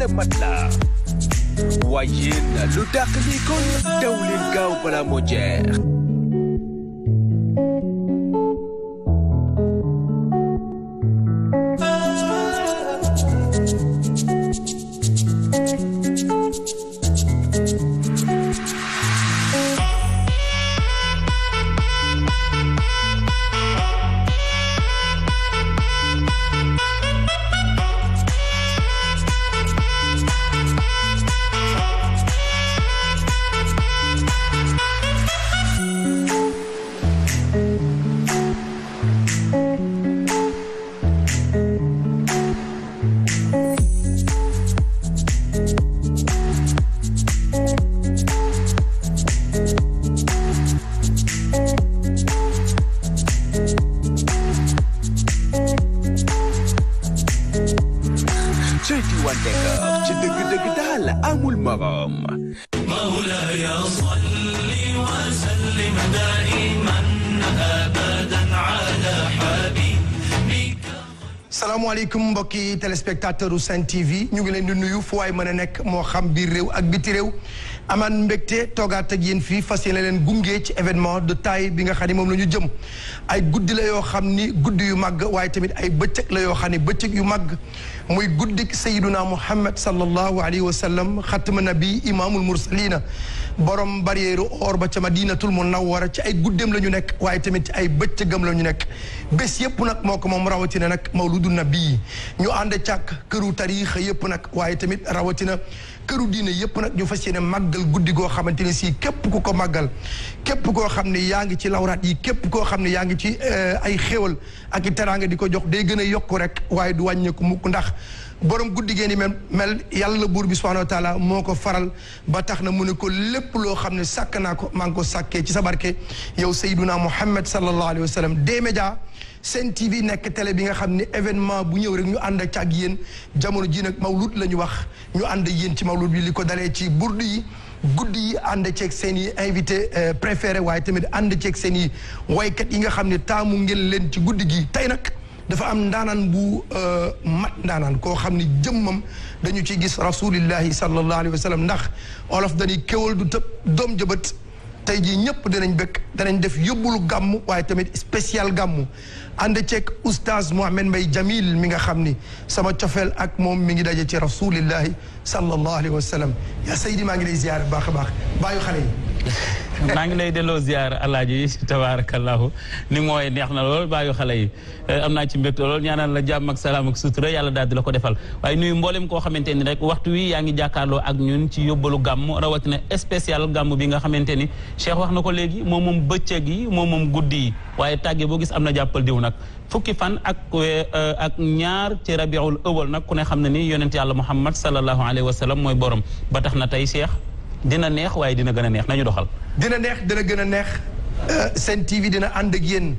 la mat la waaye lu dàq li kon daw leen gaaw bala moo jeex téléspectateur u Sen TV ñu ngi leen di nuyu fu waay mën a nekk moo xam biir réew ak biti réew amaat mbégte toogaat ak yéen fii fas yéene leen gunge ci événement de taille bi nga xam ne moom la ñu jëm ay guddi la yoo xam ni guddi yu màgg waaye tamit ay bëccëg la yoo xam ne bëccëg yu màgg muy guddik sayiduna muhammad sallallahu alayhi wa sallam xatma nabi imaamul mursalina borom barrière or ba ca madinatul munawwara ci ay guddeem la ñu nekk waaye tamit ci ay bëccëgam la ñu nekk bés yëpp nag moo ko moom rawatina nag mawludu nabi ñu ànd càkk këru tariixa yëpp nag waaye tamit rawatina këru diine yëpp nag ñu fas yéene màggal guddi goo xamante ne sii képp ku ko màggal képp koo xam ne yaa ngi ci lawraat yi képp koo xam ne yaa ngi ci eh, ay xéwal ak i di ko jox day gën a yokku rek waaye du wàññeeku mukk ndax borom guddi gee ni mel mel yàlla buur bi subhanahu wa taala moo ko faral ba tax na mu ne ko lépp loo xam ne sàkk naa ko maa ngi ko sakkee ci sa barke yow sayduna muhammad sallallahu alayhi wa sallam D-Media seen TV nekk télé bi nga xam ne événement bu ñëw rek ñu ànd ak ak yéen jamono ji nag mawlud la ñu wax ñu ànd ak yéen ci mawlud bi li ko dalee ci burdu yi guddi yi ànd ceeg seen i invité euh, préféré waaye tamit ànd ceeg seen i waykat yi nga xam ne taamu ngeen leen ci guddi gi tey nag dafa am ndaanaan bu euh, mat ndaanaan koo xam ne jëmmam dañu ci gis rasulillahi sallallahu alayhi wa sallam ndax olof dañuy kéwal du tëb doom jëbët tey jii ñëpp danañ bëgg danañ def yóbbulu gàmm waaye tamit spécial gàmm ànd ceeg oustaz Mouhamed Mbaye Jamil mi nga xam ni sama cofeel ak moom mi ngi daje ci rasulillahi sallallahu alayhi wa sallam yaa saydi maa ngi lay ziyaar baax a baax baayu xale yi maa ngi lay delloo ziar alaaji tabaarakallahu ni mooy neex na lool baayu xale yi eh, am naa ci mbégte lool ñaanal la jàmm ak salaam ak sutura yàlla daal di la ko defal waaye nuyu mboolem koo xamante ni rek waxtu wi yaa ngi jàkkaarloo ak ñun ci yóbbalu gàmm na spécial gàmm bi nga xamante ni Cheikh wax na ko léegi moom moom bëccëg yi moom moom guddi yi waaye tàgge boo gis am na jàppal diw nag fukki fan ak eh, ak ñaar ci rabiul awal nag ku ne xam ne ni yonent yàlla Muhammad sallallahu alayhi wa sallam mooy borom ba tax na tey Cheikh dina neex waaye dina gën a neex nañu doxal. dina neex dina gën a neex euh, Sen TV dina ànd ak yéen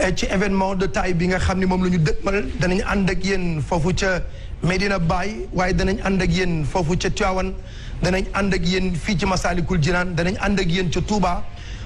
euh, ci événement de taille bi nga xam ne moom la ñu dëgmal danañ ànd ak yéen foofu ca Medina Baye waaye danañ ànd ak yéen foofu ca Tivaouane danañ ànd ak yéen fii ci Massalikul Jinaan danañ ànd ak yéen ca Touba.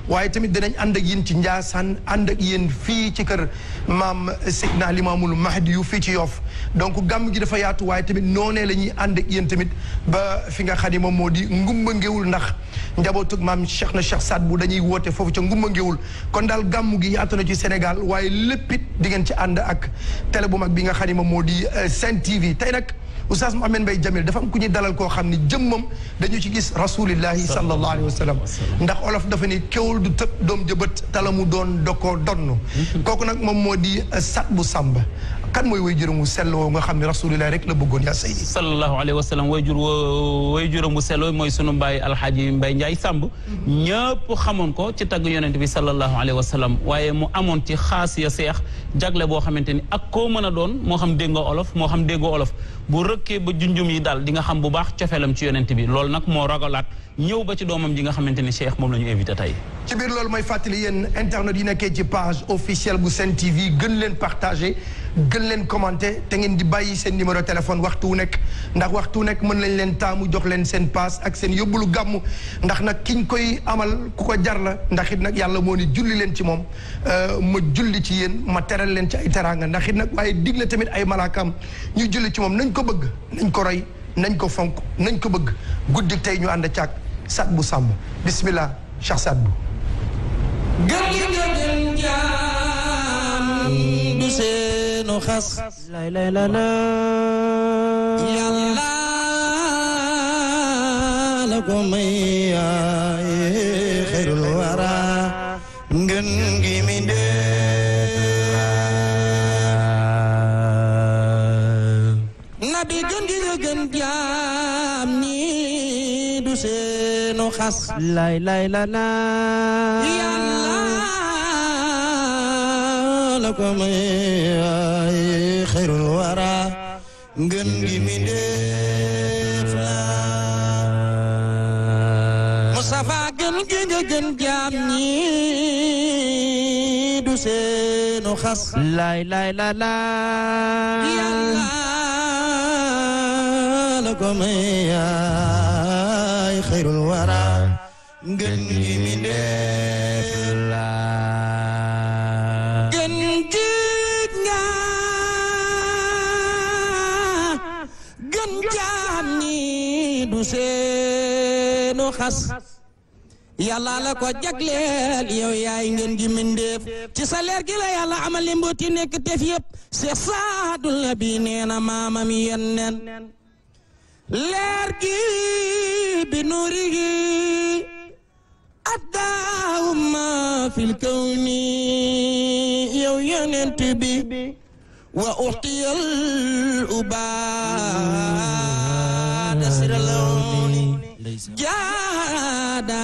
waaye tamit danañ ànd ak yéen ci Ndiassane ànd ak yéen fii ci kër maam Seydina Limaamul Mahdi yu fii ci yoof donc gàmm gi dafa yaatu waaye tamit noonee la ñuy ànd yéen tamit ba fi nga xam ne moom moo di ngumba ngewul ndax njabootug maam Cheikh na Cheikh Saad bu dañuy woote foofu ca ngumba ngewul kon daal gàmm gi yaatu na ci Sénégal waaye lépp it di ngeen ci ànd ak télé bu mag bi nga xam ne moom moo di Sen TV tey nag oustaz Mouhamed Mbaye Jamil dafa am ku ñuy dalal koo xam ni jëmmam dañu ci gis rasulillahi sallallahu alayhi wa sallam ndax olof dafa ni kéwul du tëb doom jëbët talamu doon dokoo donn mm-hmm. kooku nag moom moo di euh, sat bu samba kan mooy way juróom wu sell woo nga xam ne rasulullah rek la bëggoon yaa saydi sallallahu alayhi wa sallam way ko ci tagg yonent bi sallallahu alayhi wa sallam waaye mu amoon ci xaas ya seex boo xamante ni ak koo mën a doon moo xam dégg nga olof moo xam déggoo olof bu rëkkee ba junjum yi daal di nga xam bu baax cofeelam ci yonent bi loolu nag moo ragalaat ñëw ba ci doomam ji nga xamante ni Cheikh moom la ñu invité tey ci biir loolu internet yi nekkee ci page officielle bu Sen TV gën leen partagé gën leen commenté te ngeen di bàyyi seen numéro téléphone waxtu wu nekk ndax waxtu wu nekk mën nañ leen taamu jox leen seen paas ak seen yóbbulu gàmmu ndax nag kiñ koy amal ku ko jar la ndax it nag yàlla moo ni julli leen ci moom euh, ma julli ci yéen ma teral leen ci ay teraanga ndax it nag waaye dig na tamit ay malaakaam ñu julli ci moom nañ ko bëgg nañ ko roy nañ ko fonk nañ ko bëgg guddi tey ñu ànd caag sat bu sàmm bismillah Cheikh Saad Bou. gën gi gën seenu xas lay lay la la yàlla la ko may yaaye xayrul wara ngën gi mi dee gi nga gën jaam ñi du xas lay la ko may ay xayrul wara ngën gi mi def Mustafa gën gi nga gën jaam ñi du seenu xas laay laay la la yàlla la ko may ay xayrul wara yàlla la ko jagleel yow yaay ngeen gi mindeef ci sa leer gi la yàlla amal li mbooti nekk teef yëpp seex saadul nabi nee na maamam yenneen leer gi bi nuuri gi addaahumma fil kawni yow yonent bi wa uxtiyal ubaada siralawni jaada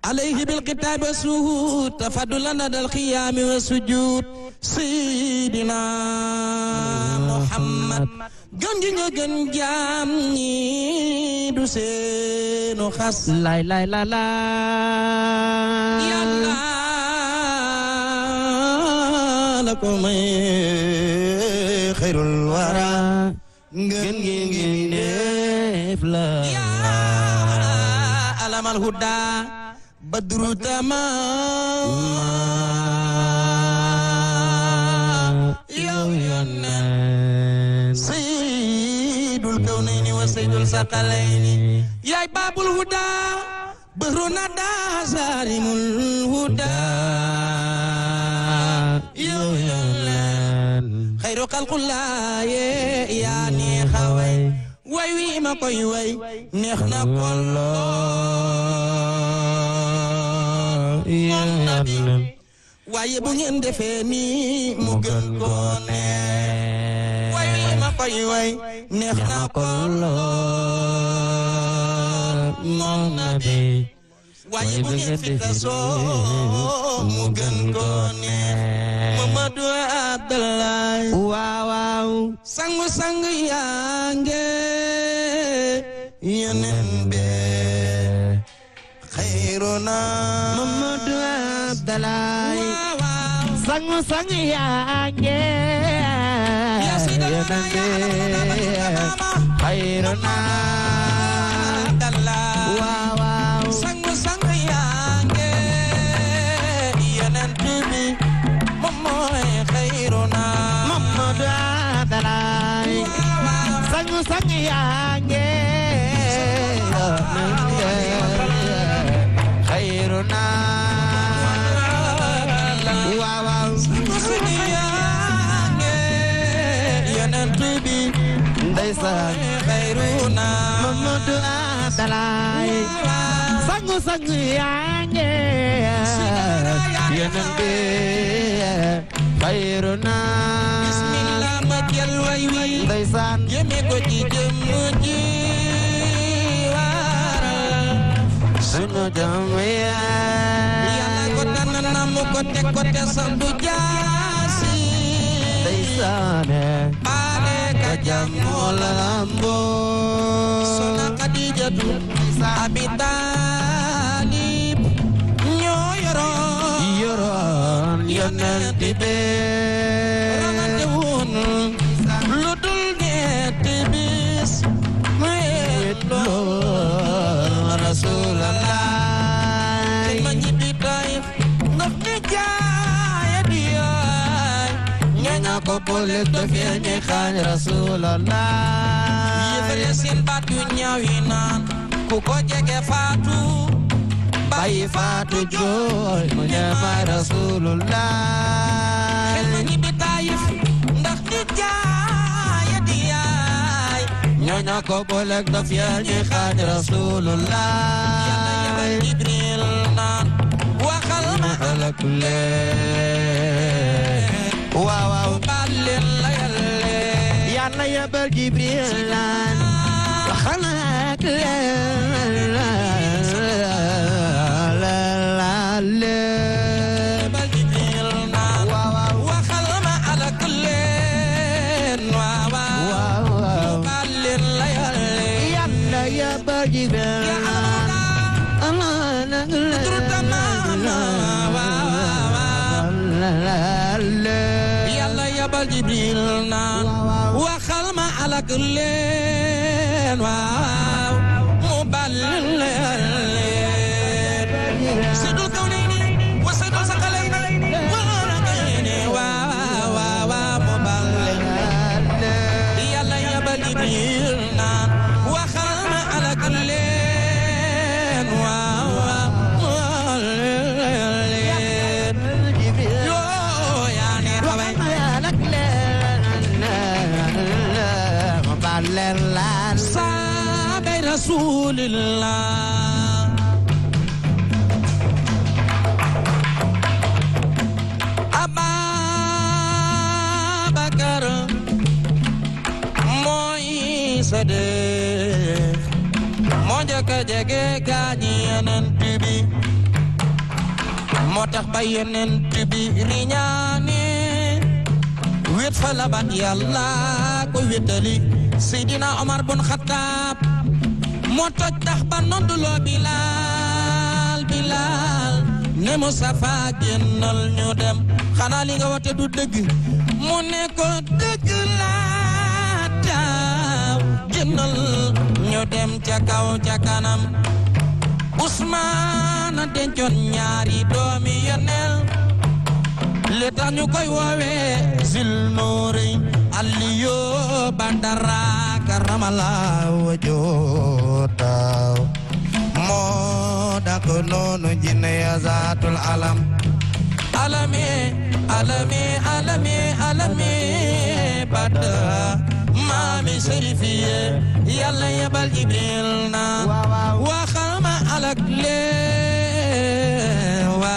alayhi bil kitaab wa suhud tafaddulana dal xiyaami wa sujud sayyidina muhammad gën gi nga gën jaam ñi du seenu xas lay lay la la yàlla la ko may xayrul wara gën gi ngi def la alamal huda بدر تمام يو يونان سيد الكونين وسيد الثقلين يا باب الهدى بحر ندى زارم الهدى يو يونان خير خلق الله يا ني خوي way wi ma koy way neex na ko lool waaye bu ngeen defee nii mu gën ko neex way wi ma koy way neex na ko lool moom nabi waaye bu ngeen fi tasoo mu gën ko neex Mamadou Abdoulaye waaw waaw sangu sangu yaa nge sang yange ya sayyidina ya mama Assane xayruna Mamadou Abdalaay sangu sangu xayruna bismillah ma jël way wi ndeysaan ko ci jëm ji sunu jëm yaa ko tànn na ko teg ko te sandu jàmm moo la lamboo Soxna Xadijatu abi taalib ñoo yoroon yoroon yonent bi lu dul ñetti bis mu yelloo rasulallah kul dafee ni ku ko jege faatu bàyyi faatu jooy mu ne ma rasulullah xel na ñibbi taayif ndax di jaaya di yaay ñoo na ko boleg dafee ni xaañ rasulullah yàlla yebal jibril naan waxal ma ala kullee waaw waaw yàlla yabal Jibril laan waxana ak Jibril xoolal jibril naan waxal ma alak leen waaw mu bal leen tax ba yonent bi riñaane wét fa labat yàlla ko wétali Seydina Omar bun Xataab moo toj tax ba nonduloo Bilaal Bilaal ne Mustafa génnal ñu dem xanaa li nga wate du dëgg mu ne ko dëgg laa taaw génnal ñu dem ca kaw ca kanam Usmaan na dencoon ñaari doomi yoneel li tax koy woowee zil nooreyn aliyo bandara karamala wajootaaw moo dak noonu jinne zaatul alam alami alami maami serifiye yàlla yebal jibril na waxama alak lee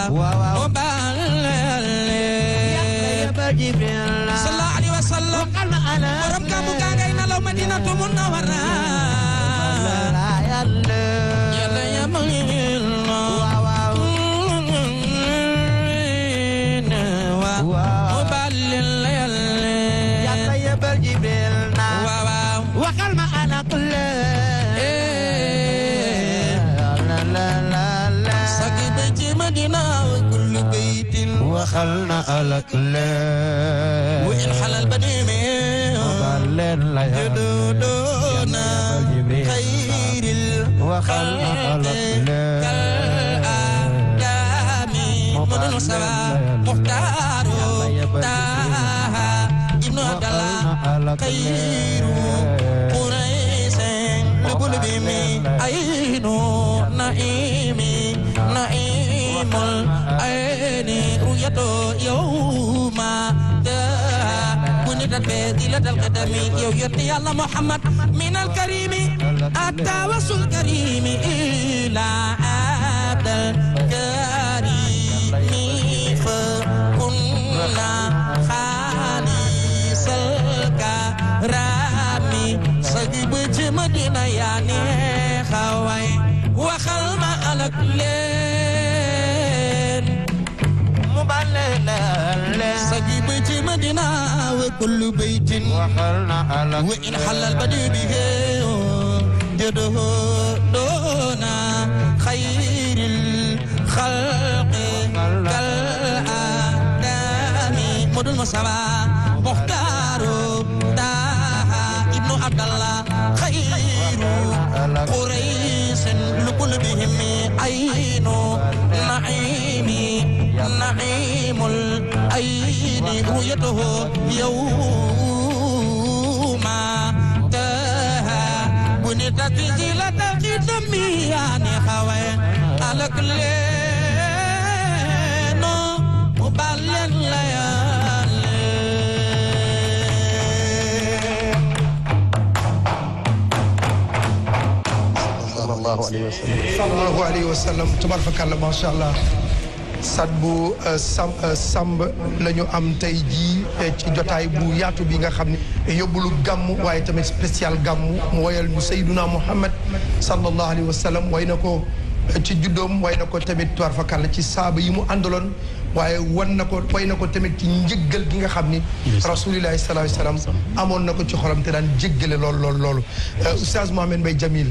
waaw waaw sallallahu alayhi wa sallam borom kàmbu gaa ngay nalaw Madinatu Munawwara xalna alak leen wu in xalal ba diine abal leen la yududoona xayril wa xalna alak leen kal adami mudun sawa muxtaaru taaha ibnu abdallah xayr الذي لدى القدم يوتي الله محمد من الكريم التوسل الكريم إلى هذا الكريم فكنا خالص الكرام صجب جمدنا يعني خوي وخلم على كل Sagi bëj Medina كل بيت وإن حل البدء به جده دون خير الخلق كالآدم مد المصطفى مختار تاها ابن عبد الله خير قريش لكل بهم عين نعيم الأيد رؤيته يوم تاها بنيت تجيلة كدمي يعني خوين على كل مبالين ليالي sallallahu alayhi wa sallam tabarakalla macha allah sat bu euh, sàmb euh, la am tey ji euh, ci jotaay bu yaatu bi nga xam ne yóbbulu gàmm waaye tamit spécial gàmm mu woyal ñu sayduna muhammad sallallahu alayhi wa sallam na ko ci juddoom way na ko tamit war fakàll ci saaba yi mu àndaloon waaye wan na ko way na ko tamit ci njëggal gi nga xam ni rasulillahi sallallahu alayhi wa sallam amoon na ko ci xolam te daan jéggale lool lool loolu oustaz Mohamed Mbaye Jamil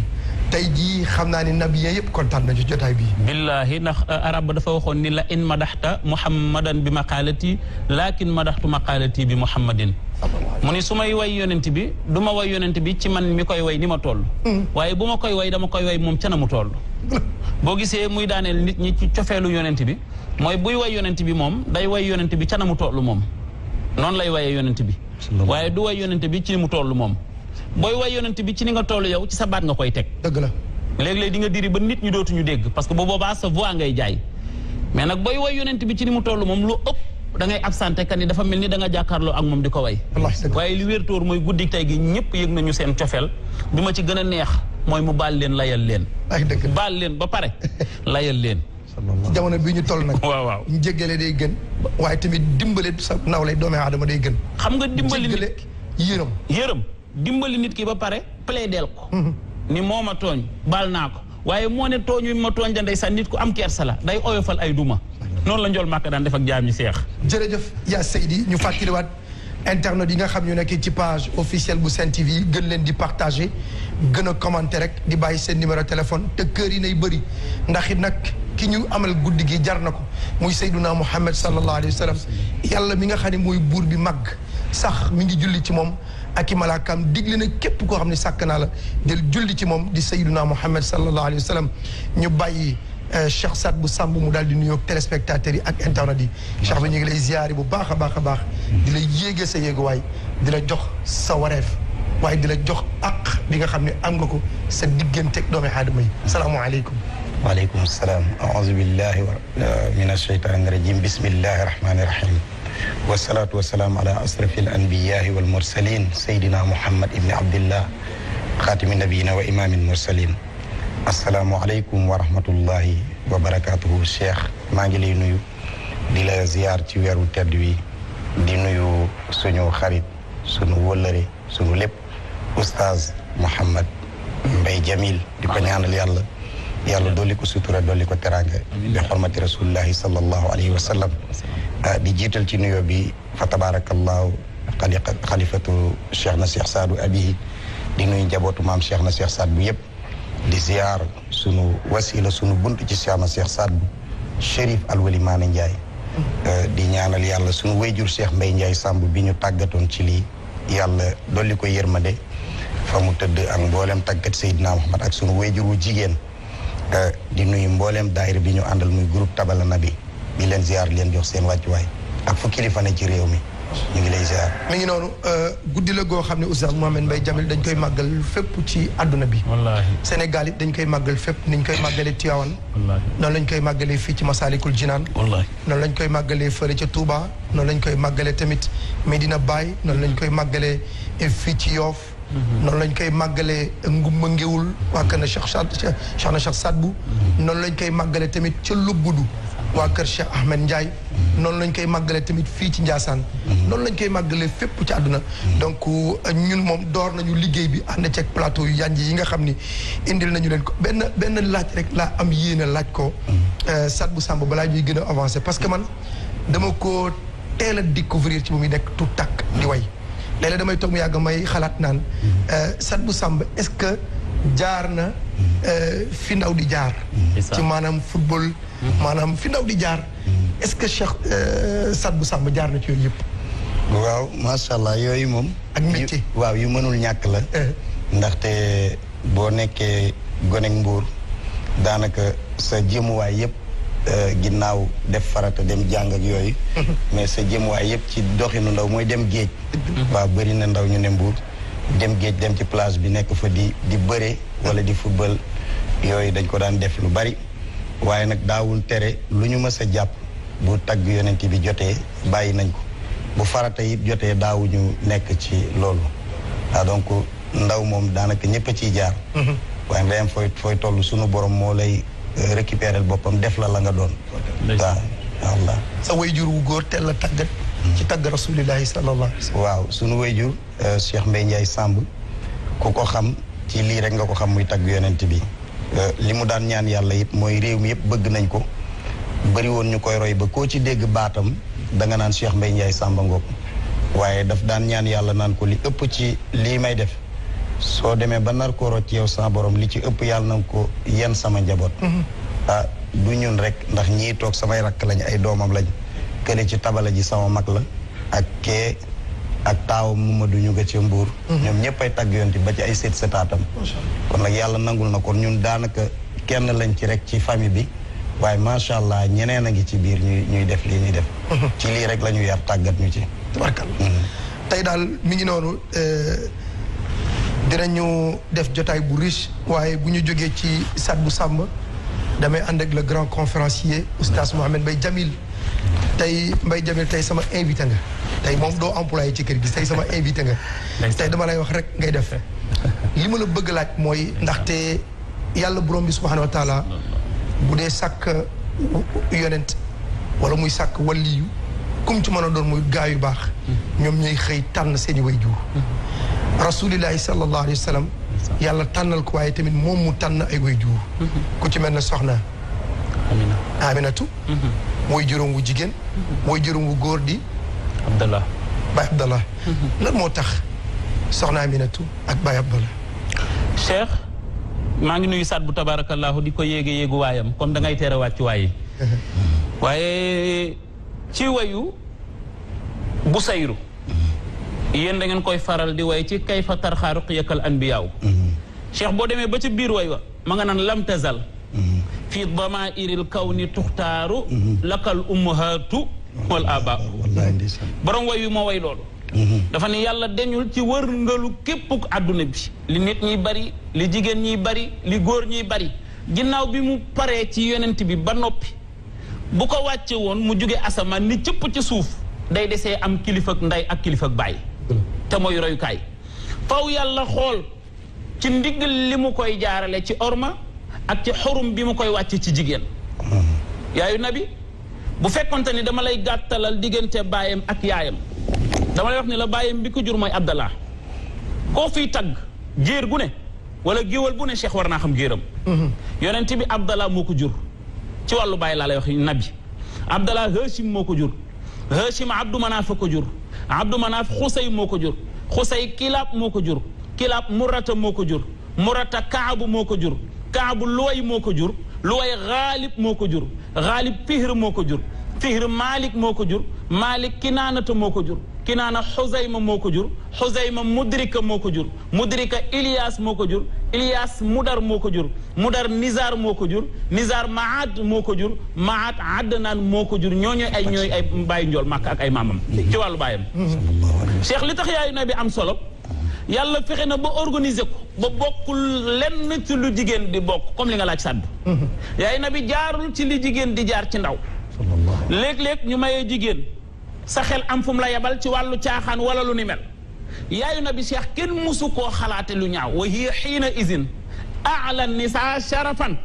tey jii xam naa ne nabiya yëpp kontaan nañu ci jotaay bi. billahi ndax euh, rab dafa waxoon ni la in madaxta muhammadan bi maqaalati laakin madaxtu maqaalati bi muhammadin mu ni su may way yonent bi du ma way yonent bi ci man mi koy way ni ma toll mm. waaye bu ma koy way dama koy way moom ca na mu toll boo gisee muy daaneel nit ñi ci cofeelu yonent bi mooy buy way yonent bi moom day way yonent bi ca na mu toll moom noonu lay wayee yonent bi waaye du way yonent bi ci mu toll moom booy way yonent bi ci ni nga toll yow ci sa baat nga koy teg. dëgg la léeg-léeg di nga diri ba nit ñi dootuñu dégg parce que bu boobaa sa voix ngay jaay mais nag booy way yonent bi ci ni mu toll moom loo ëpp da ngay absenté kan ni dafa mel ni danga nga jàkkaarloo ak moom di ko way. waaye li wér tóor mooy guddi tey gi ñëpp yëg nañu seen cofeel bi ma ci gën a neex mooy mu baal leen layal leen. baal leen ba pare layal leen. ci jamono bi ñu toll nag. waaw waaw ñu jéggale day gën. waaye tamit dimbale sa nawle doomi aadama day gën. xam nga dimbali nit jéggale yërëm yërëm dimbali nit kii ba pare del ko mhm. ni moo ma tooñ baal naa ko waaye moo ne tooñu ma tooñ da ndeysaan nit ku am kersa la day oyofal ay duma noonu la njool màkk daan def ak jaam ñi seex jërëjëf yaa Seydi ñu fàttaliwaat internet yi nga xam ñu nekk ci page officielle bu Sen TV gën leen di partager gën a commenter rek di bàyyi seen numéro téléphone te kër yi nay bëri ndax it nag ki ñu amal guddi gi jar na ko muy Seyduna Muhammad sallallahu alayhi wa sallam yàlla mi nga xam ne mooy buur bi màgg sax mi ngi julli ci moom ak i malaakaam digle na képp koo xam ne sàkk naa la del julli ci moom di sayyiduna Muhammad sallallahu alayhi wa sallam ñu bàyyi euh, Cheikh Saad bu Samb mu daal di nuyoo téléspectateurs yi ak internet yi Cheikh bi ñu ngi lay ziyaari bu baax a baax a baax di la yéege sa yéeguwaay di la jox sa wareef waaye di la jox ak bi nga xam ne am nga ko sa digganteeg doomi aadama yi salaamaaleykum waaleykum salaam aouzu billahi euh, min ashaytani rajim bismillahi rahmani rahim wasalaatu wasalaam ala asrafi al anbiyahi wal mursalin saydina muhammad ibni abdillah xaatimi nabiyina wa imaami al mursalin asalaamualeykum wa rahmatullahi wa barakaatuhu cheikh maa ngi lay nuyu di la ziyaar ci weeru tedd wi di nuyu suñu xarit suñu wëllëre suñu lépp oustaz Mouhamed Mbaye Jamil di ko ñaanal yàlla yàlla dolli ko sutura dolli ko teraanga bi xormati rasulillahi sallallahu alayhi wa sallam Ah, di jiital ci nuyoo bi fa tabaarakallaahu xalifatu cheikh na cheikh saadu abihi di nuyu njabootu maam cheikh na cheikh saad bu yëpp di ziar sunu wasila sunu bunt ci cheikh na cheikh saad bu chérif alwali maane Ndiaye euh, di ñaanal yàlla sunu wéyjur cheikh mbay Ndiaye sàmb bi ñu tàggatoon ci lii yàlla li ko ma yërmande fa mu tëdd ak mboolem tàggat Seydina Muhammad ak sunu wéyjur wu jigéen euh, di nuyu mboolem daayira bi ñu àndal muy group Tabala bi di leen ziar leen jox seen wàccuwaay ak fu kilifa ne ci réew mi ñu ngi lay ziar. mi ngi noonu euh, guddi la goo xam ne Oustaz Mouhamed Mbaye Jamil dañ koy màggal fépp ci àdduna bi. wallaahi Sénégal yi dañ koy màggal fépp niñ koy màggalee Tivaouane. wallaahi noonu lañ koy màggalee fii ci Masalikul Jinaan. wallaahi noonu lañ koy màggalee fële ca Touba. noonu lañ koy màggalee tamit mais dina Baye noonu lañ koy màggalee fii ci Yoff. Mhm. noonu lañ koy màggalee Ngumba Ngéwul. waa Kana Cheikh Cheikh Cheikh Sadbu. Mhm. noonu lañ koy màggalee tamit ca Lubbudu. waa Kër Cheikh Ahmed Ndiaye noonu lañ koy màggalee tamit fii ci Ndiassane noonu lañ koy màggalee fépp ci àdduna donc euh, ñun moom door nañu liggéey bi ànd ceeg plateau yu yanj yi nga xam ni indil nañu leen ko benn benn laaj rek laa am yéene laaj ko euh, bu Samba balaa ñuy gën a avancé parce que man dama ko teel a découvrir ci bu muy nekk tout takk di way léeg-léeg damay toog mu yàgg may xalaat naan euh, Sadbou Samba est-ce que jaar na Euh, fi ndaw di jaar. ci maanaam football. maanaam fi ndaw di jaar. est-ce que Cheikh euh, Sadbou Samba jaar na ci yooyu yëpp. waaw macha allah yooyu moom. ak métier waaw yu mënul ñàkk la. Euh. ndaxte boo nekkee gonek mbuur daanaka sa jëmuwaay yëpp. ginnaaw def farata dem jàng ak yooyu. mais sa jëmuwaay yëpp ci doxinu ndaw mooy dem géej. waaw bëri na ndaw ñu ne mbuur dem géej dem ci plage bi nekk fa di di bëre. wala di football yooyu dañ ko daan def lu bari waaye nag daawul tere lu ñu mës a jàpp bu tagg yonent bi jotee bàyyi nañ ko bu farata it jotee daawuñu nekk ci loolu ah donc ndaw moom daanaka ñëpp a ciy jaar mhm. waaye ndeyam fooy fooy sunu borom moo lay eh, récupérer boppam def la la nga doon waaw allah ah, sa wayjur wu góor teel la tàggat hmm. ci tàgg rasulillahi sallallahu alayhi waaw sunu wayjur eh, Cheikh Mbaye Ndiaye Samb ku ko xam ci lii rek nga ko xam muy tagg yonent bi euh, li mu daan ñaan yàlla it mooy réew mi yëpp bëgg nañ ko bëri woon ñu koy roy ba koo ci dégg baatam danga naan Cheikh Mbaye Ndiaye sàmba Ngom waaye daf daan ñaan yàlla naan ko li ëpp ci lii may def soo demee ba nar ko rocc yow sa boroom li ci ëpp yàlla na ko yenn sama njaboot mhm. ah du ñun rek ndax ñii toog samay rakk lañ ay doomam lañ kële ci tabala ji sama mag la ak kee ak taawam du ñu nga ca Mbour. Mhm. ñoom ñëpp ay tagg yonti ba ci ay seet setaatam kon nag yàlla nangul na kon ñun daanaka kenn lañ ci rek ci famille bi waaye macha allah ñeneen a ngi ci biir ñuy ñuy def lii nuy def. Mhm. ci lii rek la yar tàggat ñu ci. tabarkal mhm. tey daal mi ngi noonu euh, dinañu def jotaay bu riche waaye bu ñu jógee ci sat bu sàmb damay ànd ak le grand conférencier oustaz Mohamed bay Jamil. tey mbay Jamil tey sama invité nga tey moom doo employé ci kër gi tey sama invité nga tey dama lay wax rek ngay def li ma la bëgg laaj mooy ndaxte yàlla borom bi subhanahu wa taala bu dee sàkk yonent wala muy sàkk waliyu comme ci mën a doon muy gaa yu baax ñoom ñooy xëy tànn seeni way jur rasulillahi sallallahu alayhi wa yàlla tànnal ko waaye tamit moom mu tànn ay way jur mhm. ku ci mel ne soxna aminatu mooy juróom jigéen. mooy juróom góor di. Abdallah. Baye Abdallah. lan moo tax soxna Aminatu ak Baye Abdallah. Cheikh maa ngi nuyu saat bu tabaarakallaahu di ko yéege yéegu waayam comme da ngay teel a wàccuwaay waaye ci wayu bu sayru yéen da koy faral di way ci kayfa tarxaa ruqyakal anbiyaaw. Cheikh boo demee ba ci biir way wa ma nga naan lam fi damaa'iril kawni tuxtaaru lakal ummahaatu wal abaa borom way wi moo way loolu mhm. dafa ne yàlla deñul ci wërngalu képp adduna bi li nit ñiy bari li jigéen ñiy bari li góor ñiy bari ginnaaw bi mu paree ci yenent bi ba noppi bu ko wàcce woon mu jóge asamaan ni cëpp ci suuf day desee am kilifa ak ndey ak kilifa ak baay te mooy royukaay faw yàlla xool ci ndigg li mu koy jaarale ci orma ak ci xorum bi mu koy wàcce ci jigéen yaayu nabi bu fekkonte ni dama lay gàttalal diggante baayam ak yaayam dama lay wax ni la baayam bi ko jur mooy abdallah koo fiy tagg géer gu ne wala géwal bu ne cheikh war naa xam géeram yonent bi abdallah moo ko jur ci wàllu baay laa lay wax nabi abdallah hashim moo ko jur hashim abdu manaaf ko jur abdu manaaf xusay moo ko jur xusay kilaab moo ko jur kilaab murata moo ko jur murata kaabu moo ko jur kaabu luway moo ko jur luway xaalib moo ko jur xaalib fihr moo ko jur fihr malik moo ko jur malik kinaanata moo ko jur kinaana xuzayma moo ko jur xuzayma mudrika moo ko jur mudrika ilias moo ko jur ilias mudar moo ko jur mudar nizar moo ko jur nizar maad moo ko jur maad adnaan moo ko jur ñooñu ay ñooy ay bàyyi njool màkk ak ay maamam ci wàllu bàyyam cheikh li tax yaayu nabi am solo yàlla fexe na ba organiser ko ba bokkul lenn ci lu jigéen di bokk comme li nga laaj sàdd mhm. yaay na bi jaarul ci li jigéen di jaar ci ndaw léeg-léeg ñu mayee jigéen sa xel am fu la yebal ci wàllu caaxaan wala lu ni yaayu na bi cheikh kenn musu koo xalaatee lu ñaaw wa hiya xiina isin ala nisa sharafan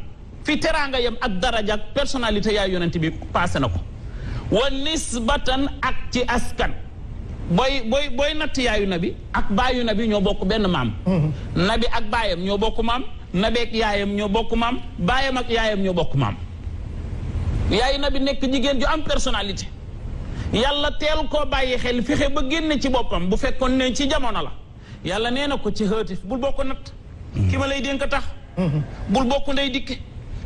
fi teraanga yam ak daraja ak personnalité yaay yonent bi passé na ko wa nisbatan ak ci askan booy booy booy natt yaayu bi ak baayu bi ñoo bokk benn maam. Mm-hmm. nabi ak baayam ñoo bokk maam nabeek yaayam ñoo bokk maam baayam ak yaayam ñoo bokk maam. yaayu bi nekk jigéen ju am personnalité yàlla teel koo bàyyi xel fexe ba génne ci boppam bu fekkoon ne ci jamono la yàlla nee na ko ci xëtif bul bokk natt. ki ma lay dénk tax. Mm-hmm. bul bokk ndey dikk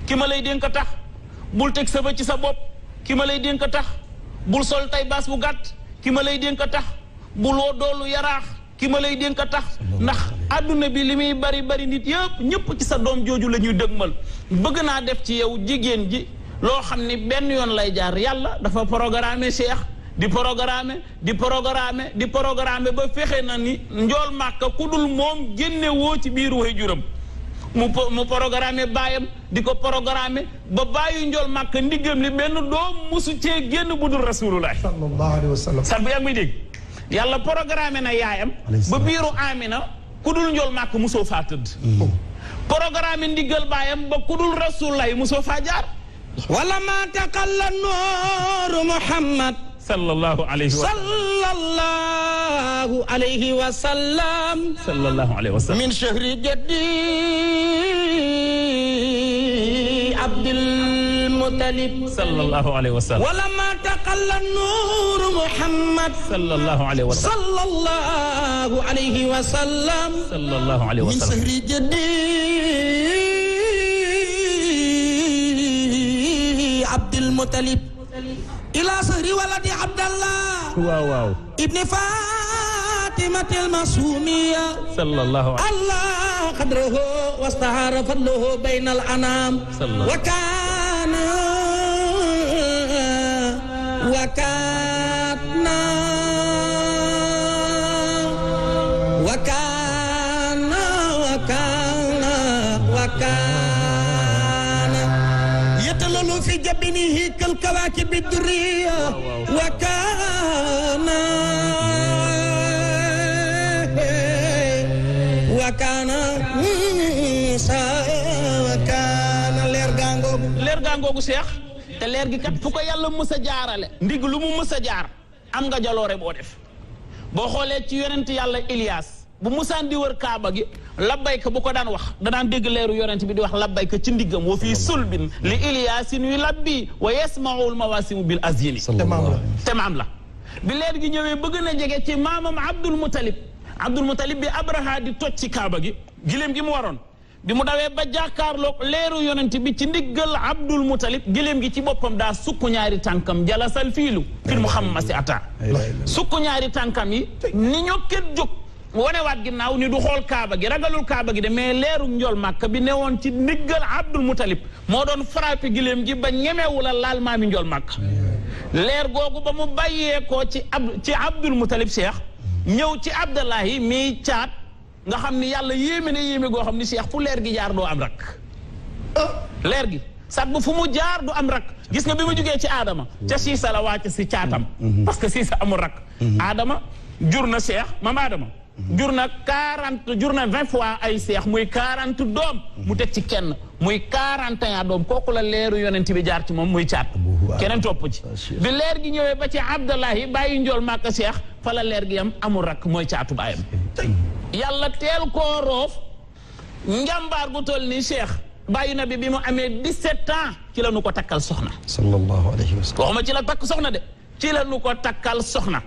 ki ma lay dénk tax. bul teg sa ci sa bopp ki ma lay dénk a tax bul sol tay baas bu gàtt. ki ma lay dénk tax buloo loo doolu yaraax ki ma lay dénk tax ndax àdduna bi li muy bari bari nit yëpp ñëpp ci sa doom jooju la ñuy dëgmal bëgg naa def ci yow jigéen ji loo xam ni benn yoon lay jaar yàlla dafa programme cheikh di programme di programme di programme ba fexe na ni njool màkk ku dul moom génnewoo ci biir way juróom mu mu programme baayam di ko programme ba bàyyi njool màkk ndiggam li benn doom mosu cee génn bu dul rasulullah sallallahu alayhi wa sallam sat bu yaa ngi muy dégg yàlla programme na yaayam ba biiru amina ku njool màkk mosoo faa tëdd mm. programme ndiggal baayam ba ku dul rasulullah faa jaar wala ma taqalla nooru muhammad sallallahu alayhi wa sallallahu alayhi wa sallam sallallahu alayhi wa sallam min shahri jaddi Abdul Muttalib sallallahu alayhi wa sallam walamma taqalla nur Muhammad sallallahu alayhi wa sallam sallallahu alayhi wa sallam sallallahu alayhi wa sallam min shahri jaddi Abdul Muttalib ila sahri waladi abdallah waaw waaw ibni fatimatil masumiya sallallahu allah qadrahu wastahara fadluhu bayna al anam wa kana wa kana بنه كالكواكب الدرية وكان وكان وكان leer gàngoogu leer gàngoogu Cheikh te leer gi kat fu ko yàlla mës a jaarale ndig lu mu mës a jaar am nga jaloore boo def boo xoolee ci yonent yàlla Ilias bu musaan di wër kaaba gi labbayka bu ko daan wax danaan dégg leeru yonent bi di wax labbayka ci ndiggam wa fii sulbin li iliyaasin yu labbi wa yasmaul mawaasimu bil azyini te maam la bi leer gi ñëwee bëgg na jege ci maamam abdul mutalib abdul mutalib bi abraha di toj ci kaaba gi giléem gi mu waroon bi mu dawee ba jàkkaarloog leeru yonent bi ci ndiggal abdul mutalib giléem gi ci boppam daa sukk ñaari tànkam jalasal fiilu fil mu xam ma si ata ñaari tànkam yi wanewaat ginnaaw ni du xool kaaba gi ragalul kaaba gi de mais leeru njool màkk bi ne woon ci ndiggal Abdul Mutalib moo doon frappé giléem ji ba ñemewu la laal maami njool màkk leer googu ba mu bàyyeekoo ci ab ci Abdul Mutalib Cheikh ñëw ci Abdallahi mi caat nga xam ni yàlla yéeme ne yéeme goo xam ni Cheikh fu leer gi jaar doo am rak leer gi sat bu fu mu jaar du am rak gis nga bi mu jógee ci aadama ca siisa la wàcc si caatam mm-hmm. parce que siisa amul rak aadama mm-hmm. jur na Cheikh mam jur na quarante jur na vingt fois ay seex muy quarante doom mu teg ci kenn muy quarante doom kooku la leeru yonent bi jaar ci moom muy caat keneen topp ci bi leer gi ñëwee ba ci abdallahi bàyyi njool màkka seex fa la leer gi yam amul rakk mooy caatu baayam yàlla teel ko roof njàmbaar gu toll ni seex bàyyi na bi bi mu amee dix-sept ans ci la nu ko takkal soxna sallallahu alayhi wa ci la takk soxna de ci la nu ko takkal soxna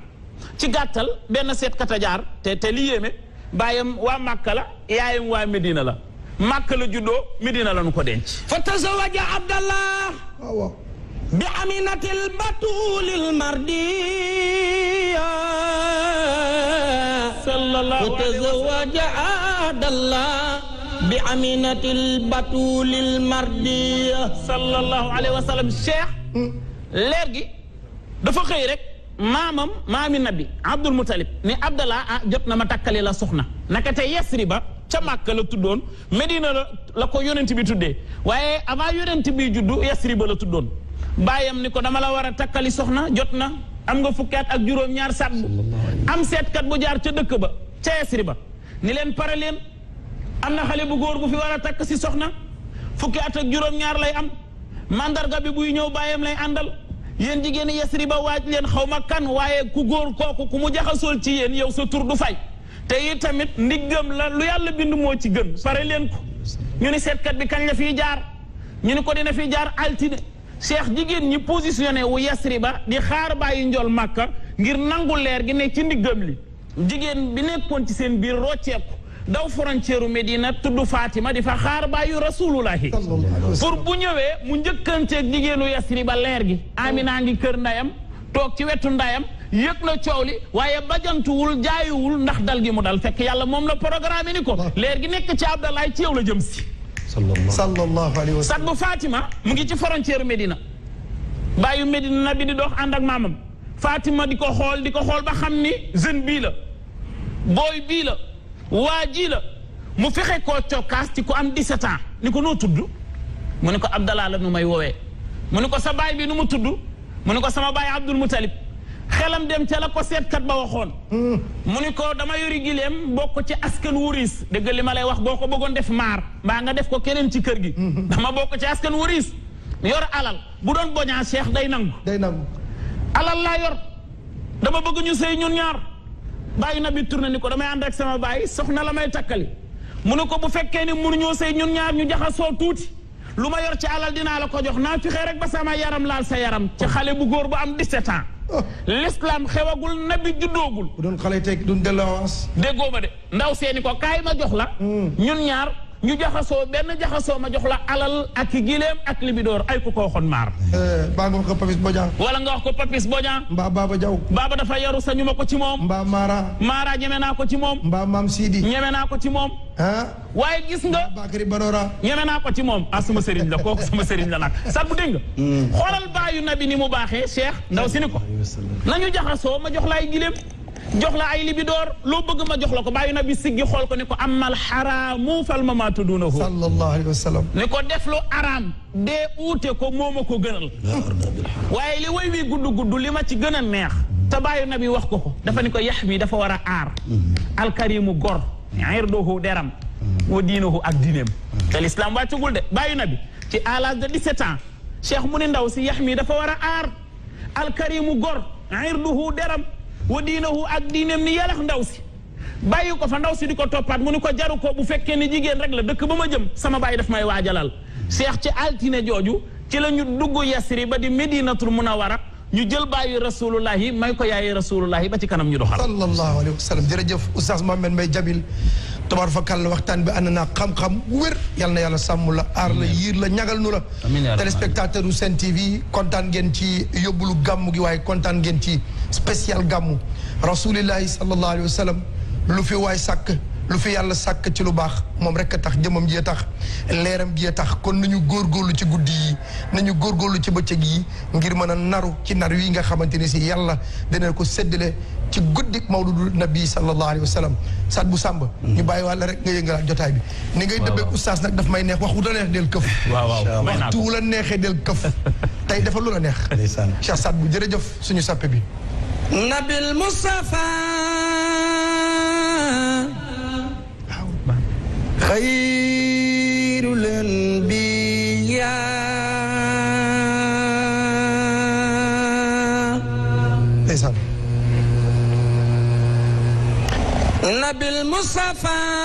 ci gàttal benn seetkat a jaar te te li yéeme baayam waa Màkka la yaayam waa Medina la Màkka la juddoo Medina la nu ko denc. fa tazawaja Abdallah. waaw bi Aminatil Batulil Mardiya. sallallahu alayhi wa sallam fa tazawaja Abdallah. bi aminatil batulil mardiya sallallahu alayhi wa sallam cheikh hmm. leer gi dafa xëy rek maamam maami nabi abdul mutalib ni abdallah ah jot na ma takkali la soxna naka te yesri ba ca màkka la tuddoon medina la la ko yonent bi tuddee waaye avant yonent bi juddu yesri ba la tuddoon baayam ni ko dama la war a takkali soxna jot na am nga fukki ak juróom ñaar sàdd seetkat bu jaar ca dëkk ba ca yesri ba ni leen pare leen am na xale bu góor bu fi war a takk si soxna fukki at ak juróom ñaar lay am mandarga bi buy ñëw baayam lay àndal yéen jigéen yasri ba waaj leen xaw ma kan waaye ku góor kooku ku mu jaxasool ci yéen yow sa tur du fay te yi tamit ndiggam la lu yàlla bind moo ci gën pare leen ko ñu ni seetkat bi kañ la fiy jaar ñu ni ko dina fiy jaar altine cheikh jigéen ñi positionné wu yasri ba di xaar bàyyi njool màkka ngir nangu leer gi ne ci ndiggam li jigéen bi nekkoon ci seen biir rocceeku daw frontière Medina tudd Fatima di fa xaar baayu rasulullahi pour bu ñëwee mu njëkkanteeg jigéenu Yasri ba leer gi Amina ngi kër ndayam toog ci wetu ndayam yëg na coow li waaye bajantuwul jaayuwul ndax dal gi mu dal fekk yàlla moom la programme ni ko leer gi nekk ci Abdallah ci yow la jëm si sallallahu alayhi wa sallam bu Fatima mu ngi ci frontière Medina baayu Medina na bi di dox ànd ak maamam Fatima di ko xool di ko xool ba xam ni jeune bii la booy bii la waa ji la mu fexe ko cokkaas ci ku am 17 ans ni ko noo tudd mu ne ko Abdallah la nu may woowee mu ne ko sa baay bi nu mu tudd mu ne ko sama baay Abdul Mutalib xelam dem ca la ko seet kat ba waxoon. mu ni ko dama yori gileem bokk ci askan wuris dëgg li ma lay wax boo ko bëggoon def maar mbaa nga def ko keneen ci kër gi. Mhm. dama bokk ci askan wuris yor alal bu doon boñaa cheikh day nangu. day nangu alal laa yor dama bëgg ñu sëy ñun ñaar. bàyyi na bi tourné ni ko damay ànd ak sama bàyyi soxna la may takkali mu ne ko bu fekkee ni mënuñoo say ñun ñaar ñu jaxasoo tuuti lu ma yor ci alal dinaa la ko jox naa fixee rek ba sama yaram laal sa yaram ci xale bu góor bu am 17 ans l'islam xewagul nabi juddoogul bu doon xale teg duñ delloo déggoo ma de ndaw seeni ko kaay ma jox la hmm. ñun ñaar ñu jaxasoo benn jaxasoo ma jox la alal ak i gileem ak li ay ku ko waxoon maar. Eh, baa nga wax ko Papis Bodian. wala nga wax ko Papis Bodian. mbaa Baba Diaw. Baba dafa yaru sañu ma ko ci moom. mbaa Mara. Mara ñeme naa ko ci moom. mbaa Maam Sidi. ñeme naa ko ci moom. ah. waaye gis nga. Bakary Barora. ñeme naa ko ci moom a ah, sama sëriñ la kooku sama sëriñ la nag sax bu dégg nga. yu hmm. baayu nabi ni mu baaxee Cheikh. ndaw si ni ko. nañu jaxasoo ma jox la ay jox la ay libidoor loo bëgg ma jox la ko bàyyi na bi siggi xool ko ne ko amal xaraamu fal ma maa tuddunahu sallallahu alayhi wa sallam ne ko def lu araam dee uute ko moom a ko gënal waaye li way wi gudd gudd li ma ci gën a neex te bàyyi na bi wax ko ko dafa ni ko yax bi dafa war a aar mhm. alkarimu gor irduhu deram mhm. wa diinahu ak diineem te l'islam wàccugul de bàyyi na bi ci à l'âge de 17 ans cheikh mu ni ndaw si yax mi dafa war a aar alkarimu gor irduhu deram wa diinahu ak diineem ni yalax ndaw si bàyyi ko fa ndaw si di ko toppaat mu ni ko jaru ko bu fekkee ni jigéen rek la dëkk ba ma jëm sama bàyyi daf may waajalal seex ci altine jooju ci la ñu dugg yasri ba di medinatul munawara ñu jël bàyyi rasulullahi may ko yaayi rasulullahi ba ci kanam ñu doxal sallallahu alayhi wa sallam jërëjëf oustaz Mohamed may Jabil tabaar fakal la waxtaan bi ànd naa xam-xam wér yal na yàlla sàmm la aar la yiir la ñagal nu la téléspectateur u Sen TV kontaan ngeen ci yóbbulu gàmmu gi waaye kontaan ngeen ci spécial gàmmu rasulillahi sallallahu alayhi wa sallam lu fi waay sàkk lu fi yàlla sàkk ci lu baax moom rek a tax jëmam jee tax leeram jee tax kon nañu góorgóorlu ci guddi yi nañu góorgóorlu ci bëccëg yi ngir mën a naru ci nar yi nga xamante ni si yàlla dina ko séddale ci guddi mawludu nabi sallallahu alayhi wa sallam saat bu sàmb ñu mm. bàyyi wàlla rek nga yëngalaat jotaay bi ni ngay dëbbeek oustaz nag daf may neex wax wu la neex del këf waxtu wu la neexee del këf tey dafa lu la neex cheikh saat bu jërëjëf suñu sàppe bi nabil mustafa خير الأنبياء نبي المصطفى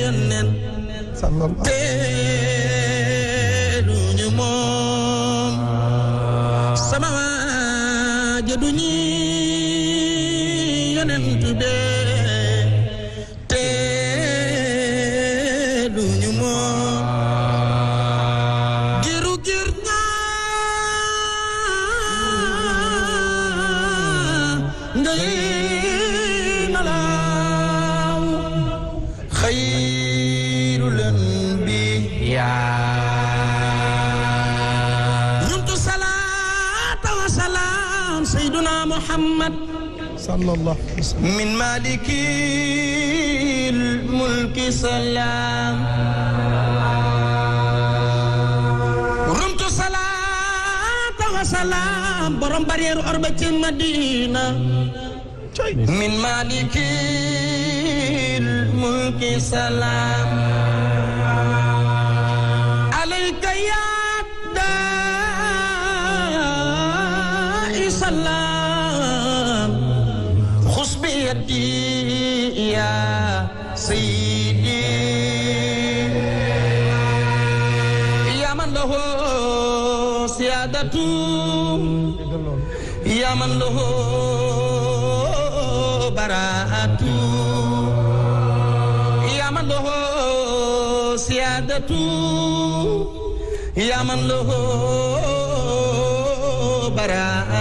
yónneen صلى الله عليه وسلم من مالك الملك سلام رمت صلاة وسلام برم برير أربة المدينة من مالك الملك سلام له براءة يا من له سيادة يا من له براءة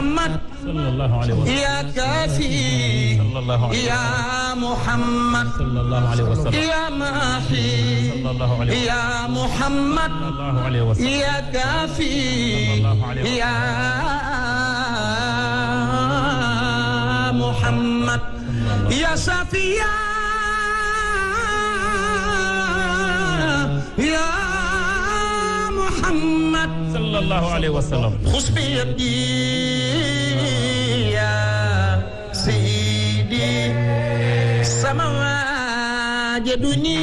محمد يا كافي يا محمد يا ماحي يا محمد يا كافي يا محمد يا شافي يا sallallahu alayhi wa sallam xusbi yabdi ya sidi sama waa jaduni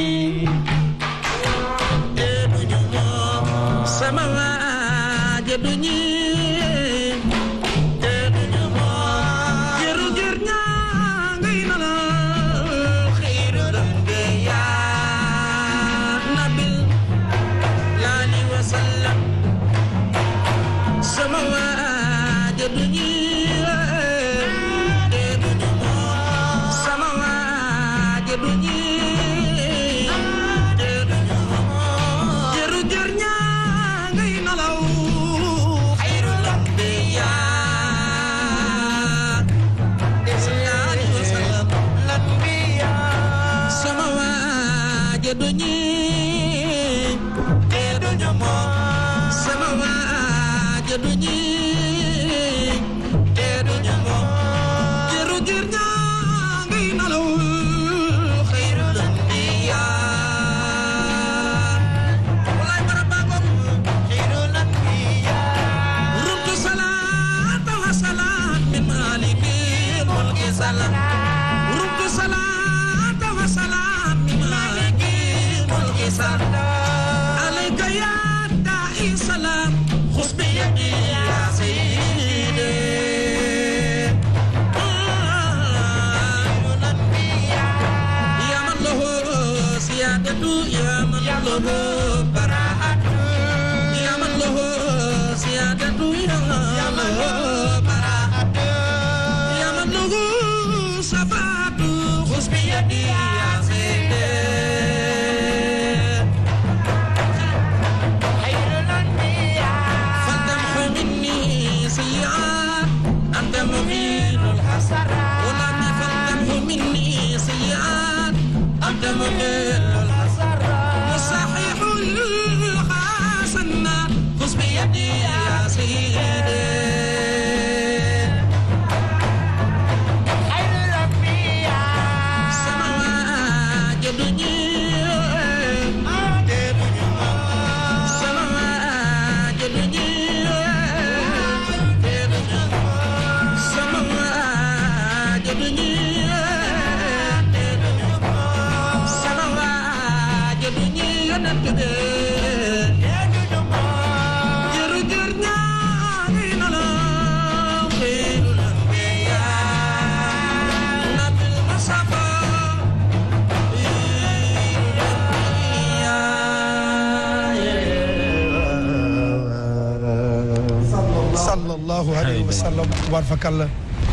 tubaar fa kàlla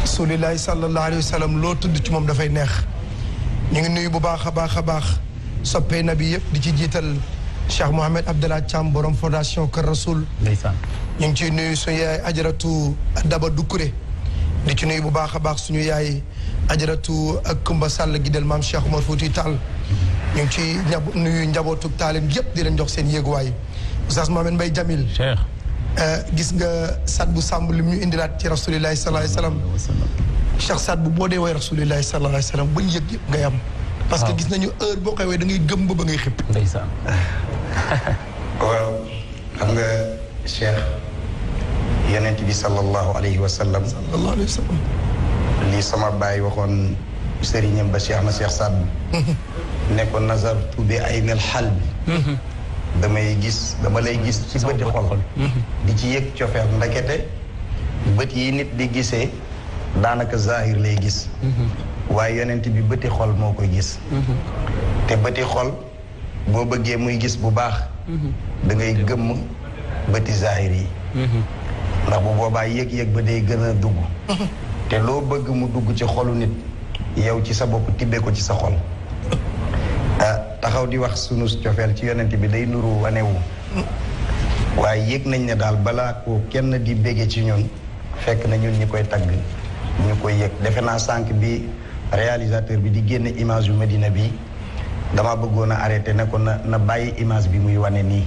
rasulillahi sallallahu alayhi wa sallam loo tudd ci moom dafay neex ñu ngi nuyu bu baax a baax a baax soppee nabi yëpp di ci jiital Cheikh Mouhamed Abdallah Thiam borom fondation Kër Rasoul ñu ngi ciy nuyu suñu yaay ajaratu Daba Dukure di ci nuyu bu baax a baax suñu yaay ajaratu ak Kumba Sall gi del maam Cheikh Omar Fouti Tall ñu ngi ciy nuyu njabootu taalim yëpp di leen jox seen yéeguwaay Oustaz Mohamed Mbaye Jamil Cheikh Euh, gis nga Saad bu Samb lim ñu indilaat ci rasulillahi sallallahu alayhi wasallam Cheikh Saad bu boo dee way rasulillahi sallallahu alayhi wasallam bañ yëg yëpp ngay am parce que gis nañu heure boo koy way da ngay gëm ba ba ngay xëpp ndeysaan waaw xam nga Cheikh yonent bi sallallahu alayhi wasallam sallallahu alayhi wasallam lii sama baay waxoon sëriñam ba Cheikh na Cheikh Saad ne ko nazartu bi aynil qalbi mm-hmm. damay gis dama lay gis ci bëti xol mm-hmm. di ci yëg cofeel ndekete bët yi nit di gisee daanaka zahir lay gis mm-hmm. waaye yonent bi bëti xol moo koy gis mm-hmm. te bëti xol boo bëggee muy gis bu baax da ngay gëmm bëti zahir yi ndax bu boobaa yëg-yëg ba day gën a dugg te loo bëgg mu dugg ci xolu nit yow ci sa bopp tibbee ko ci sa xol Ah, taxaw di wax sunu cofeel ci yonent bi day nuru wanewu waaye yëg nañ ne daal balaa ko kenn di bége ci ñun fekk na ñu ñi koy tagg ñu koy yëg defe naa sànq bi réalisateur bi di génne image yu Medina bi dama bëggoon a arrêté ne ko na bàyyi image bi muy wane nii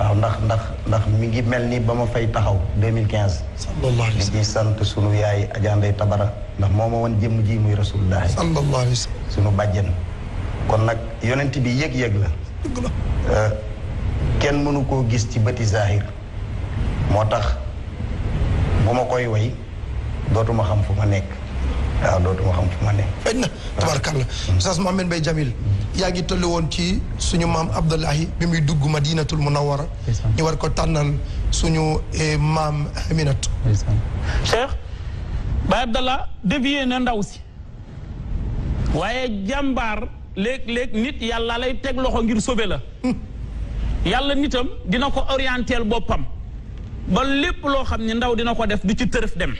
waaw ndax ndax ndax mu ngi mel ni ba ma fay taxaw 2015 di ci sant sunu yaay Adja Ndeye Tabara ndax moo ma woon jëmm ji muy rasulullah sunu bàjjen kon nag yonent bi yëg-yëg la euh, kenn mënu koo gis ci bëti zahir moo tax bu ma koy way dootuma xam fu ma nekk waaw dootuma xam fu ma nekk bañ na tabarkàlla sas Jamil hmm. yaa ngi tolli woon ci suñu maam Abdullahi bi muy dugg ma diinatul munawara ñu war ko tànnal suñu eh, maam Aminatu Cheikh Baye Abdallah dévié na ndaw si waaye jàmbaar léeg-léeg nit yàlla lay teg loxo ngir sobe la yàlla nitam dina ko orienteel boppam ba lépp loo xam ne ndaw dina ko def du ci tërëf dem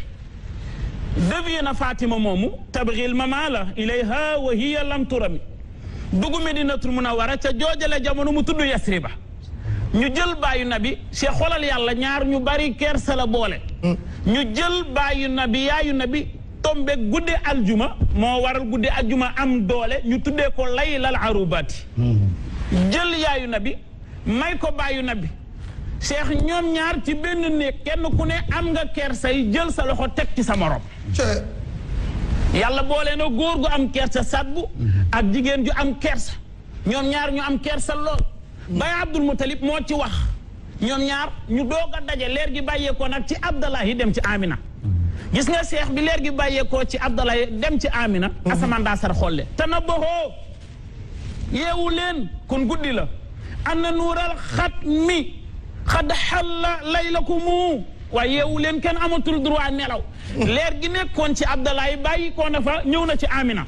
devier na Fatima moomu tabril mama la ilayha wa hiya lam mun a war a ca joojale jamono mu tudd ba ñu jël baayu nabi si xolal yàlla ñaar ñu bari kersa la boole mm. ñu jël baayu nabi yaayu nabi tombeeg guddi aljuma moo waral guddi aljuma am doole ñu tuddee ko laylal arubaati jël yaayu nabi may ko baayu nabi cheikh ñoom ñaar ci benn néeg kenn ku ne am nga kersay jël sa loxo teg ci sa morom yàlla boole na góor gu am kersa sadbu ak jigéen ju am kersa ñoom ñaar ñu am kersa lool bay abdul mutalib moo ci wax ñoom ñaar ñu doog a daje leer gi bàyyeekoo nag ci abdallah yi dem ci amina gis nga seex bi leer gi bàyyeekoo ci Abdoulaye dem ci Amina. Mhm. asamaan daa sar xolle. te na yeewu leen kon guddi la. ana nuural xat mi xad xalla laylakumu waaye yeewu leen kenn amatul droit nelaw. Mhm. leer gi nekkoon ci Abdoulaye bàyyi ko na fa ñëw na ci Amina.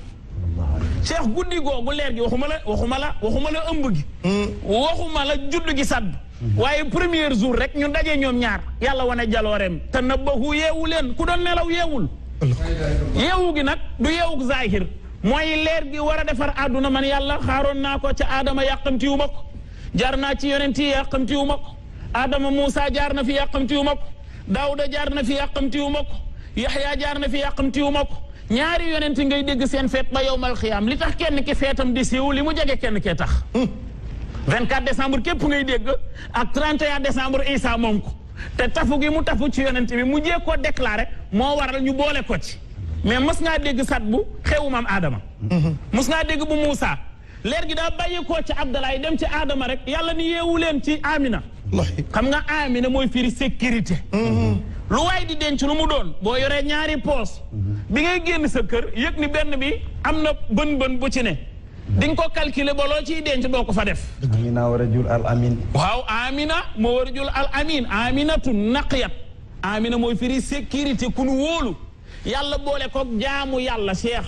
seex guddi googu leer gi waxuma la waxuma la waxuma la ëmb gi. Mhm. waxuma la juddu gi sàdd. waaye premier jour rek ñun daje ñoom ñaar yàlla wane jalooreem te nabbahu yeewu leen ku doon nelaw yeewul yeewu gi nag du yeewug zahir mooy leer gi war a defar àdduna man yàlla xaaroon naa ko ca aadama yàqamti wu ma ko jaar naa ci yonent yi yàqamti wu ma ko aadama Moussa jaar na fi yàqamti wu ma ko Daouda jaar na fi yàqamti wu ma ko Yaxya jaar na fi yàqamti wu ma ko ñaari yonent ngay dégg seen feet ba yowmal xiyaam li tax kenn ki feetam di siiw li mu jege kenn kee tax 24 décembre képp ngay dégg ak 31 décembre Isa moom ko te tafu gi mu tafu ci yonent bi mu jee koo rek moo waral ñu boole ko ci mais mës ngaa dégg sat bu xewu maam Adama. Mhm. mës ngaa dégg bu Moussa leer gi daa bàyyi koo ci Abdalaay dem ci Adama rek yàlla ni yeewu leen ci Amina. xam nga Amina mooy firi sécurité. Mhm. lu waay di denc lu mu doon boo yoree ñaari poos mhm. bi ngay génn sa kër yëg ni benn bi am na bën bën bu ci ne. di nga ko calculer ba ciy denc doo ko fa def. amina war a jur al amin. waaw amina moo war a jur al amin aminatu naqiyat amina mooy firi sécurité ku nu wóolu yàlla boole ko jaamu yàlla cheikh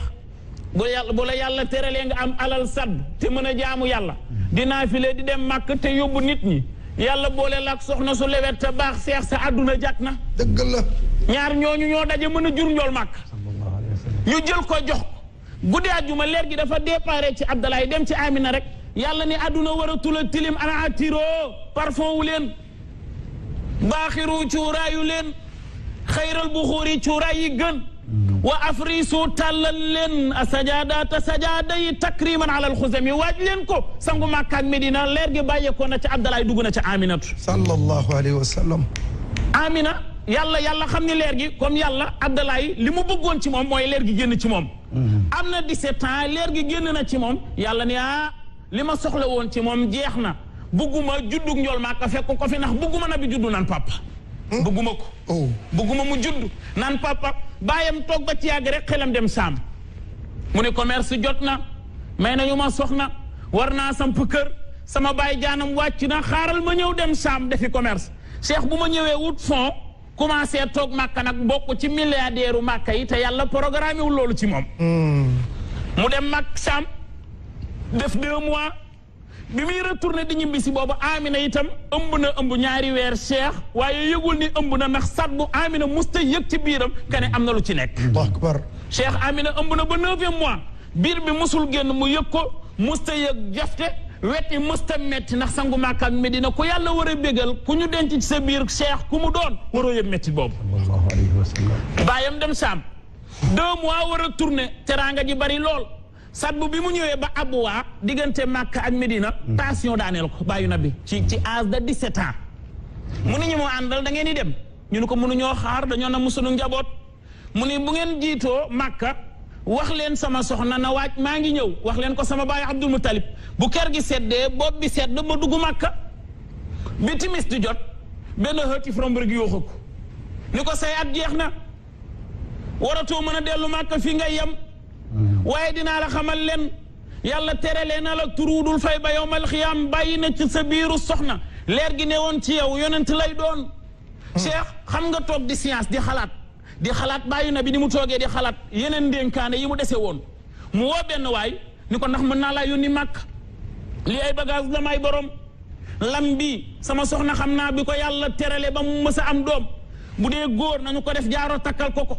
bu yàlla bu la yàlla teralee nga am alal sadd te mën a jaamu yàlla. dinaa file di dem màkk te yóbbu nit ñi. yàlla boole la ak soxna su lewet te baax seex sa àdduna jàkk na. dëgg la. ñaar ñooñu ñoo daje mën a jur njool màkk. ñu jël ko jox. guddi àjjuma leer gi dafa déparé ci Abdalaay dem ci Amina rek yàlla ni àdduna waratul a tilim ana attiroo parfum wu leen baaxiru cuuraayu leen xayral buxuuri cuuraay yi gën wa afrisu tàllal leen a sajaadaata sajaada yi takriman alal xusami waaj leen ko sangu Makka ak Medina leer gi bàyyeekoo na ci Abdalaay dugg na ci Aminatu sallallahu alayhi wa Amina yàlla yàlla xam ni leer gi comme yàlla Abdoulaye li mu bëggoon ci moom mooy leer gi génn ci moom. Mhm. am na 17 ans leer gi génn na ci moom yàlla ni ah li ma soxla woon ci moom jeex na bëgguma juddug njool maa ko fekk ko fi ndax bëgguma na bi juddu naan papa. Hmm? bëgguma ko. Oh. bëgguma mu judd naan papa bàyyam toog ba ci yàgg rek xelam dem saam. mu ne commerce jot na may ñu ma soxna war naa samp kër sama baay jaanam wàcc na xaaral ma ñëw dem saam defi commerce cheikh bu ma ñëwee wut fond. commencé toog màkka nag bokk ci milliardaire u màkka yi te yàlla programme wul loolu ci moom hmm. mu dem mag Saam def deux mois bi muy di ñibbi si boobu Amina itam ëmb na ëmb ñaari weer Cheikh waaye yëgul ni ëmb na ndax sat bu Amina musta yëg ci biiram ka ne am na lu ci nekk akbar Cheikh Amina ëmb na ba neuvième mois biir bi musul génn mu yëg ko musta yëg jafte weti mësta metti ndax sangu Màkka ak Medina ku yàlla war a bégal ku ñu denc ci sa biir cheikh ku mu doon waroo yëpp metti boobu baayam dem saam doom waa war a tourné teraanga ji bari lool sadbu bi mu ñëwee ba abuwaa diggante Màkka ak Medina hmm. tension daaneel ko bàyyu na bi ci ci âge de 17 ans mu ni ñu moo àndal da ngeen di dem ñu ne ko mënuñoo xaar dañoo na mu sunu njaboot mu ni bu ngeen jiitoo Màkka wax leen sama soxna na waaj maa ngi ñëw wax leen ko sama baay Abdul Muttalib bu kër gi seddee bopp bi sedd ma dugg Makka bi timis di jot benn xëti frombre gi yooxu ko ni ko say at jeex na waratoo mën a dellu Makka fi nga yem waaye dinaa la xamal leen yàlla tere leen na la turuudul fay ba yowmal xiyaam bàyyi na ci sa biiru soxna leer gi ne woon ci yow yonent lay doon cheikh xam nga toog di science di xalaat di xalaat bàyyi na bi ni mu toogee di xalaat yeneen ndénkaane yi mu dese woon mu woo benn waay ni ko ndax mën naa laa yónni màkk li ay bagage damay borom lam bi sama soxna xam naa bi ko yàlla terale ba mu mës a am doom bu dee góor nañu ko def jaaro takkal ko ko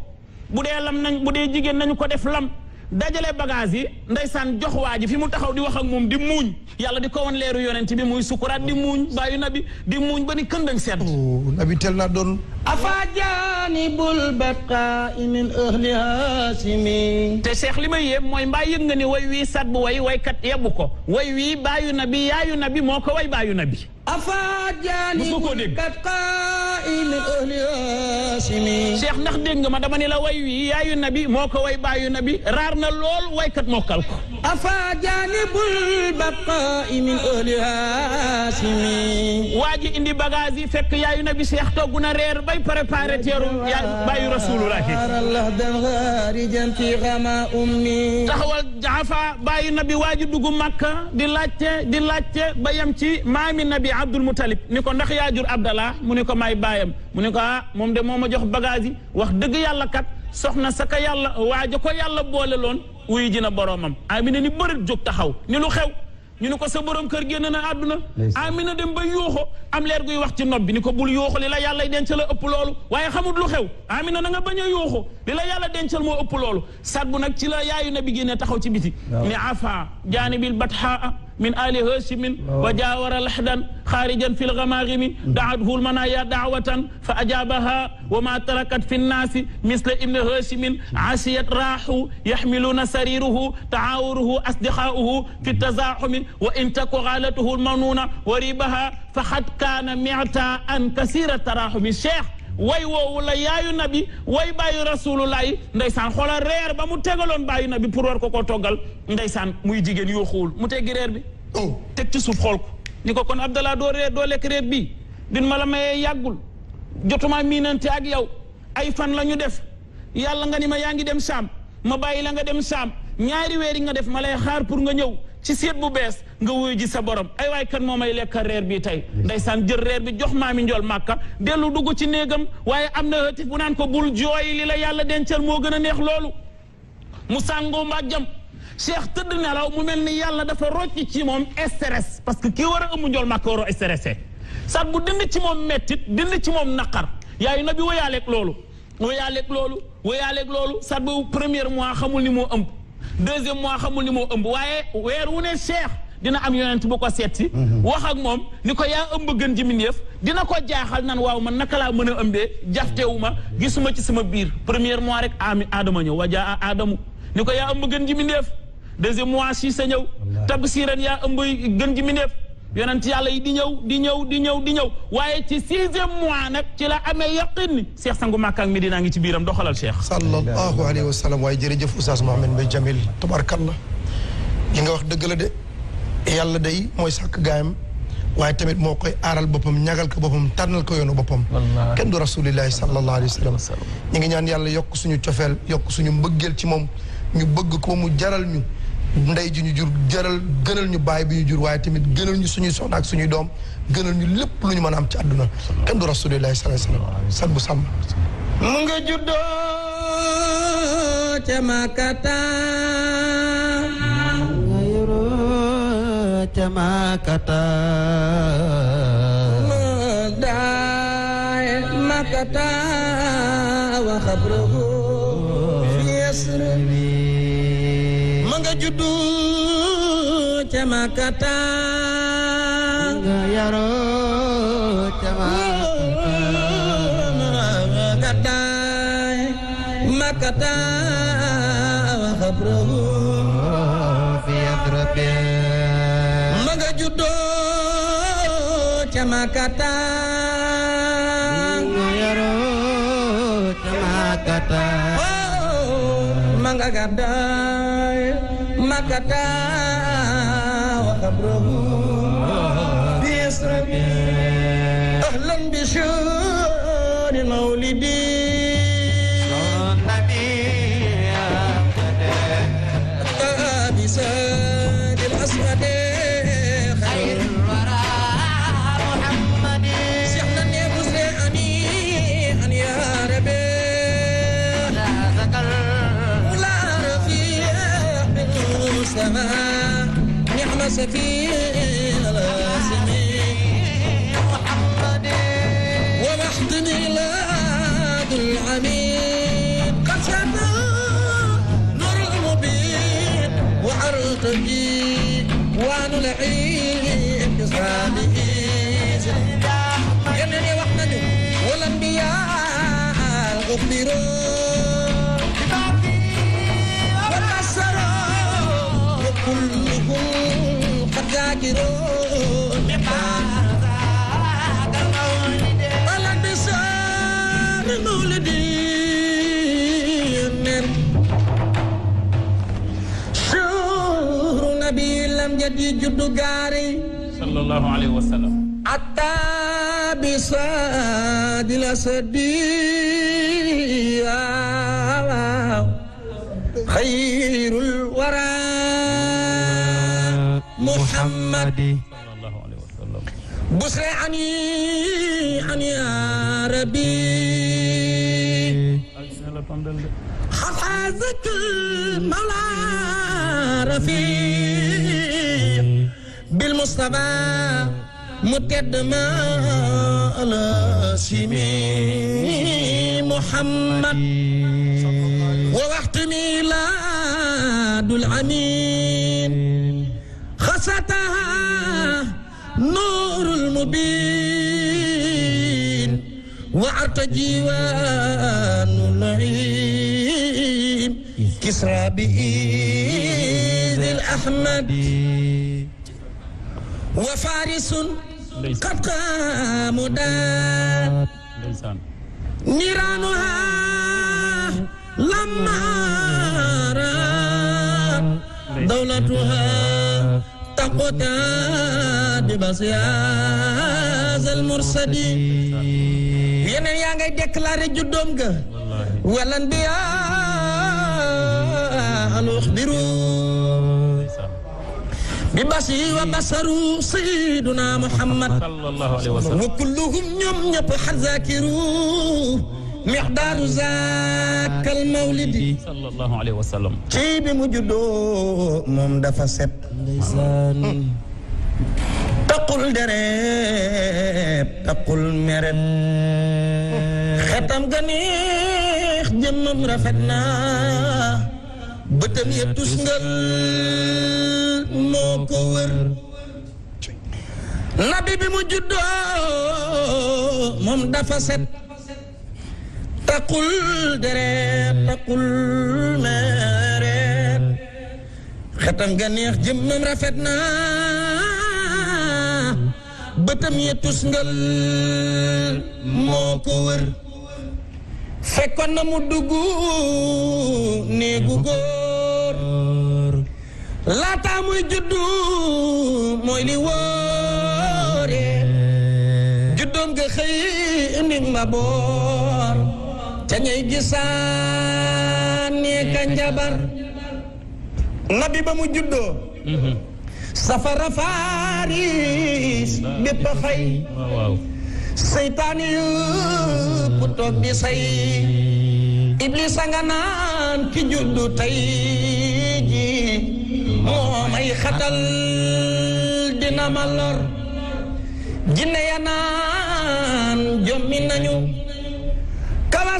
bu dee lam nañ bu dee jigéen nañu ko def lam dajale bagage yi ndeysaan jox waa ji fi mu taxaw di wax ak moom di muuñ yàlla di ko wan leeru yonent bi muy sukuraat di muuñ bàyyu nabi di muuñ ba ni këndëng sedd oh, nabi tel naa doon afa janibul baqa min ahli haasimi te cheikh li may yéem mooy mbaa yëg nga ni way wii sat bu way waykat yebu ko way wii bàyyu nabi yaayu nabi moo ko way bàyyu nabi mosoo koo dégg. Cheikh ndax dégg nga ma dama ne la way wi yaayu nabi moo ko way baayu nabi raar na lool waykat mokkal ko. afa janibul baqaa'i min ahli haasimi. waa ji indi bagage yi fekk yaayu nabi Cheikh togg na reer bay préparé teeru yaa baayu rasulullahi. taxawal jaafa baayu nabi waa ji dugg Makka di laajte di laajte ba yam ci maami nabi abdul mutalib ni ko ndax yaa jur abdallah mu ni ko may baayam mu ni ko ah moom de moo ma jox bagage yi wax dëgg yàlla kat soxna sa ka yàlla waaja ko yàlla boole loon wuyu ji na boroomam amina ni bërit jóg taxaw ni lu xew ñu ni ko sa borom kër génn na àdduna amina dem ba yuuxu am leer guy wax ci nopp bi ni ko bul yuuxu li la yàlla denc la ëpp loolu waaye xamut lu xew amina na nga bañ a yuuxu li la yàlla dencal moo ëpp loolu sat nag ci la yaayu nabi génne taxaw ci biti ni afa jaanibil bathaa min ali hasimin oh. wa jawara lahdan xaarijan fi lgamaarimi mm-hmm. daathu lmanaya daawatan fa ajabaha wa ma tarakat fi nnaasi misla ibni hasimin asiyat raahu yaxmiluuna sariruhu taawuruhu asdiqaauhu fi tazaxumi wa in taku xaalatuhu lmanuuna wa ribaha fa xad kaana miata an kasira taraxumi cheikh way woowu la yaayu nabi way bàyyu rasulullahi ndeysaan xoolal reer ba mu tegaloon bàyyu nabi pour war ko koo toggal ndeysaan muy jigéen yoo xuul mu teggi reer bi oh. teg ci suuf xool ko ni ko kon Abdallah doo reer doo lekk reer bii bin ma la mayee yàggul jotumaa miinante ak yow ay fan la ñu def yàlla nga ni ma yaa ngi dem saam ma bàyyi la nga dem saam ñaari weer yi nga def ma lay xaar pour nga ñëw ci seet bu bees nga wuyu ji sa borom ay waay kan moo may lekka reer bi tey ndeysaan jël reer bi jox maami njool màkka dellu dugg ci néegam waaye am na hëtif bu naan ko bul jooyi li la yàlla dencal moo gën a neex loolu mu sàngoo mbàjjam cheikh tëdd nelaw mu mel ni yàlla dafa rocci ci moom stress parce que kii war a ëmb njool màkka war a stressé sat bu dind ci moom mettit dind ci moom naqar yaayu na bi wayaaleeg loolu wayaaleeg loolu wayaaleeg loolu sat bu premier mois xamul ni moo ëmb deuxième mois xamul ni moo ëmb waaye weer wu ne cheikh dina am yonent bu ko seeti mhm. wax ak moom ni ko yaa ëmb gën ji min yëf dina ko jaaxal nan waaw man naka laa mën a ëmbee jaftewu ma gisuma ci sama biir première mois rek ami aadama ñëw wajaa aadamu ni ko yaa ëmb gën ji min yëf deuxième mois si sa ñëw tab siiran yaa ëmb gën ji min yonent yàlla yi di ñëw di ñëw di ñëw di ñëw waaye ci sixième mois nag ci la amee yaqin ni Cheikh sangu Makka mi dinaa ngi ci biiram doxalal Cheikh. sallallahu alayhi wa sallam waaye jërëjëf Oustaz Mouhamed Mbaye Jamil tabarkalla li nga wax dëgg la de yàlla day mooy sàkk gaayam waaye tamit moo koy aaral boppam ñagal ko boppam tànnal ko yoonu boppam kenn du rasulillahi sallallahu alayhi wa sallam ñu ngi ñaan yàlla yokk suñu cofeel yokk suñu mbëggeel ci moom ñu bëgg ko mu jaral ñu ndey ji ñu jur jëral gënal ñu baay bi ñu jur waaye tamit gënal ñu suñuy soxna ak suñuy doom gënal ñu lépp lu ñu mën a am ci àdduna kenn du rasulillahi sallallahu alayhi wasallam sat bu sàmm mu nga juddoo ca Makata nga yoroo ca Makata yasri juddu ca Makata nga yaroo ca Makata Makata wa xabrahu fi adrabi ma nga juddu ca Makata nga yaroo ca Makata oh, ma nga gàddaa مكتا وقبره بإسرائيل أهلا بشور مولدي شفيع العاسمين محمد ووحدني لاد العميد قد شفى نور المبين وعرتني وعن العين بصالحين يمني وحدني والانبياء غفروا وتأثروا وكل sallallahu alayhi wa sallam ataa bi saadi la sadiya xayrul محمد بشرى عني عني يا ربي حفظك المولى رفيق بالمصطفى متقدمة على سيمي محمد ووقت ميلاد العميد وسطها نور المبين وأرتجي وأن العين كسرى بإيد الأحمد وفارس قد قام دان نيرانها لما دولتها taqotaa di bas yaasal mursadi yeneen yaa ngay déclaré juddoom ga walan bi al uxbiru bi bas yi wa basaru sayyiduna muhammad wa kulluhum ñoom ñëpp xazakiru miqdaaru zaakal ci bi mu juddoo dafa set taqul deret taqul meret xetam ga neex jëmmam rafet na bëtam ya tusngal moo nabi bi mu juddoo dafa set taqul deret taqul meeret xetam ga neex jëmmam rafet na bëtam ya tusngal moo ko wër fekkoon na mu dugg néegu góor laataa juddu mooy li wóore juddoom nga ca ñay gisaan ne ka njabar ba mu juddoo mhm. safara faris bépp xay seytaan yëpp toog di say iblis nga naan ki juddu tey ji moo may xatal dina ma lor jinne ya naan jommi nañu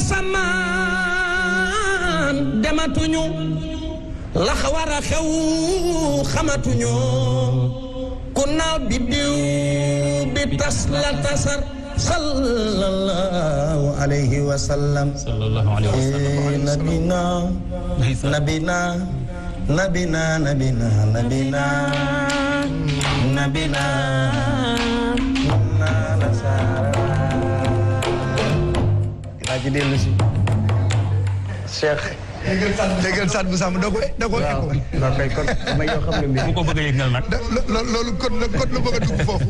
asamaan dematuñu lax war a xamatuñu ku naaw bi diw la tasar sallallahu alayhi wa sallam nabina nabina nabina nabina nabina nabina naa ci dellu si Cheikh. bu Samb doo ko doo ko. waaw waaw xam loolu kon kon foofu.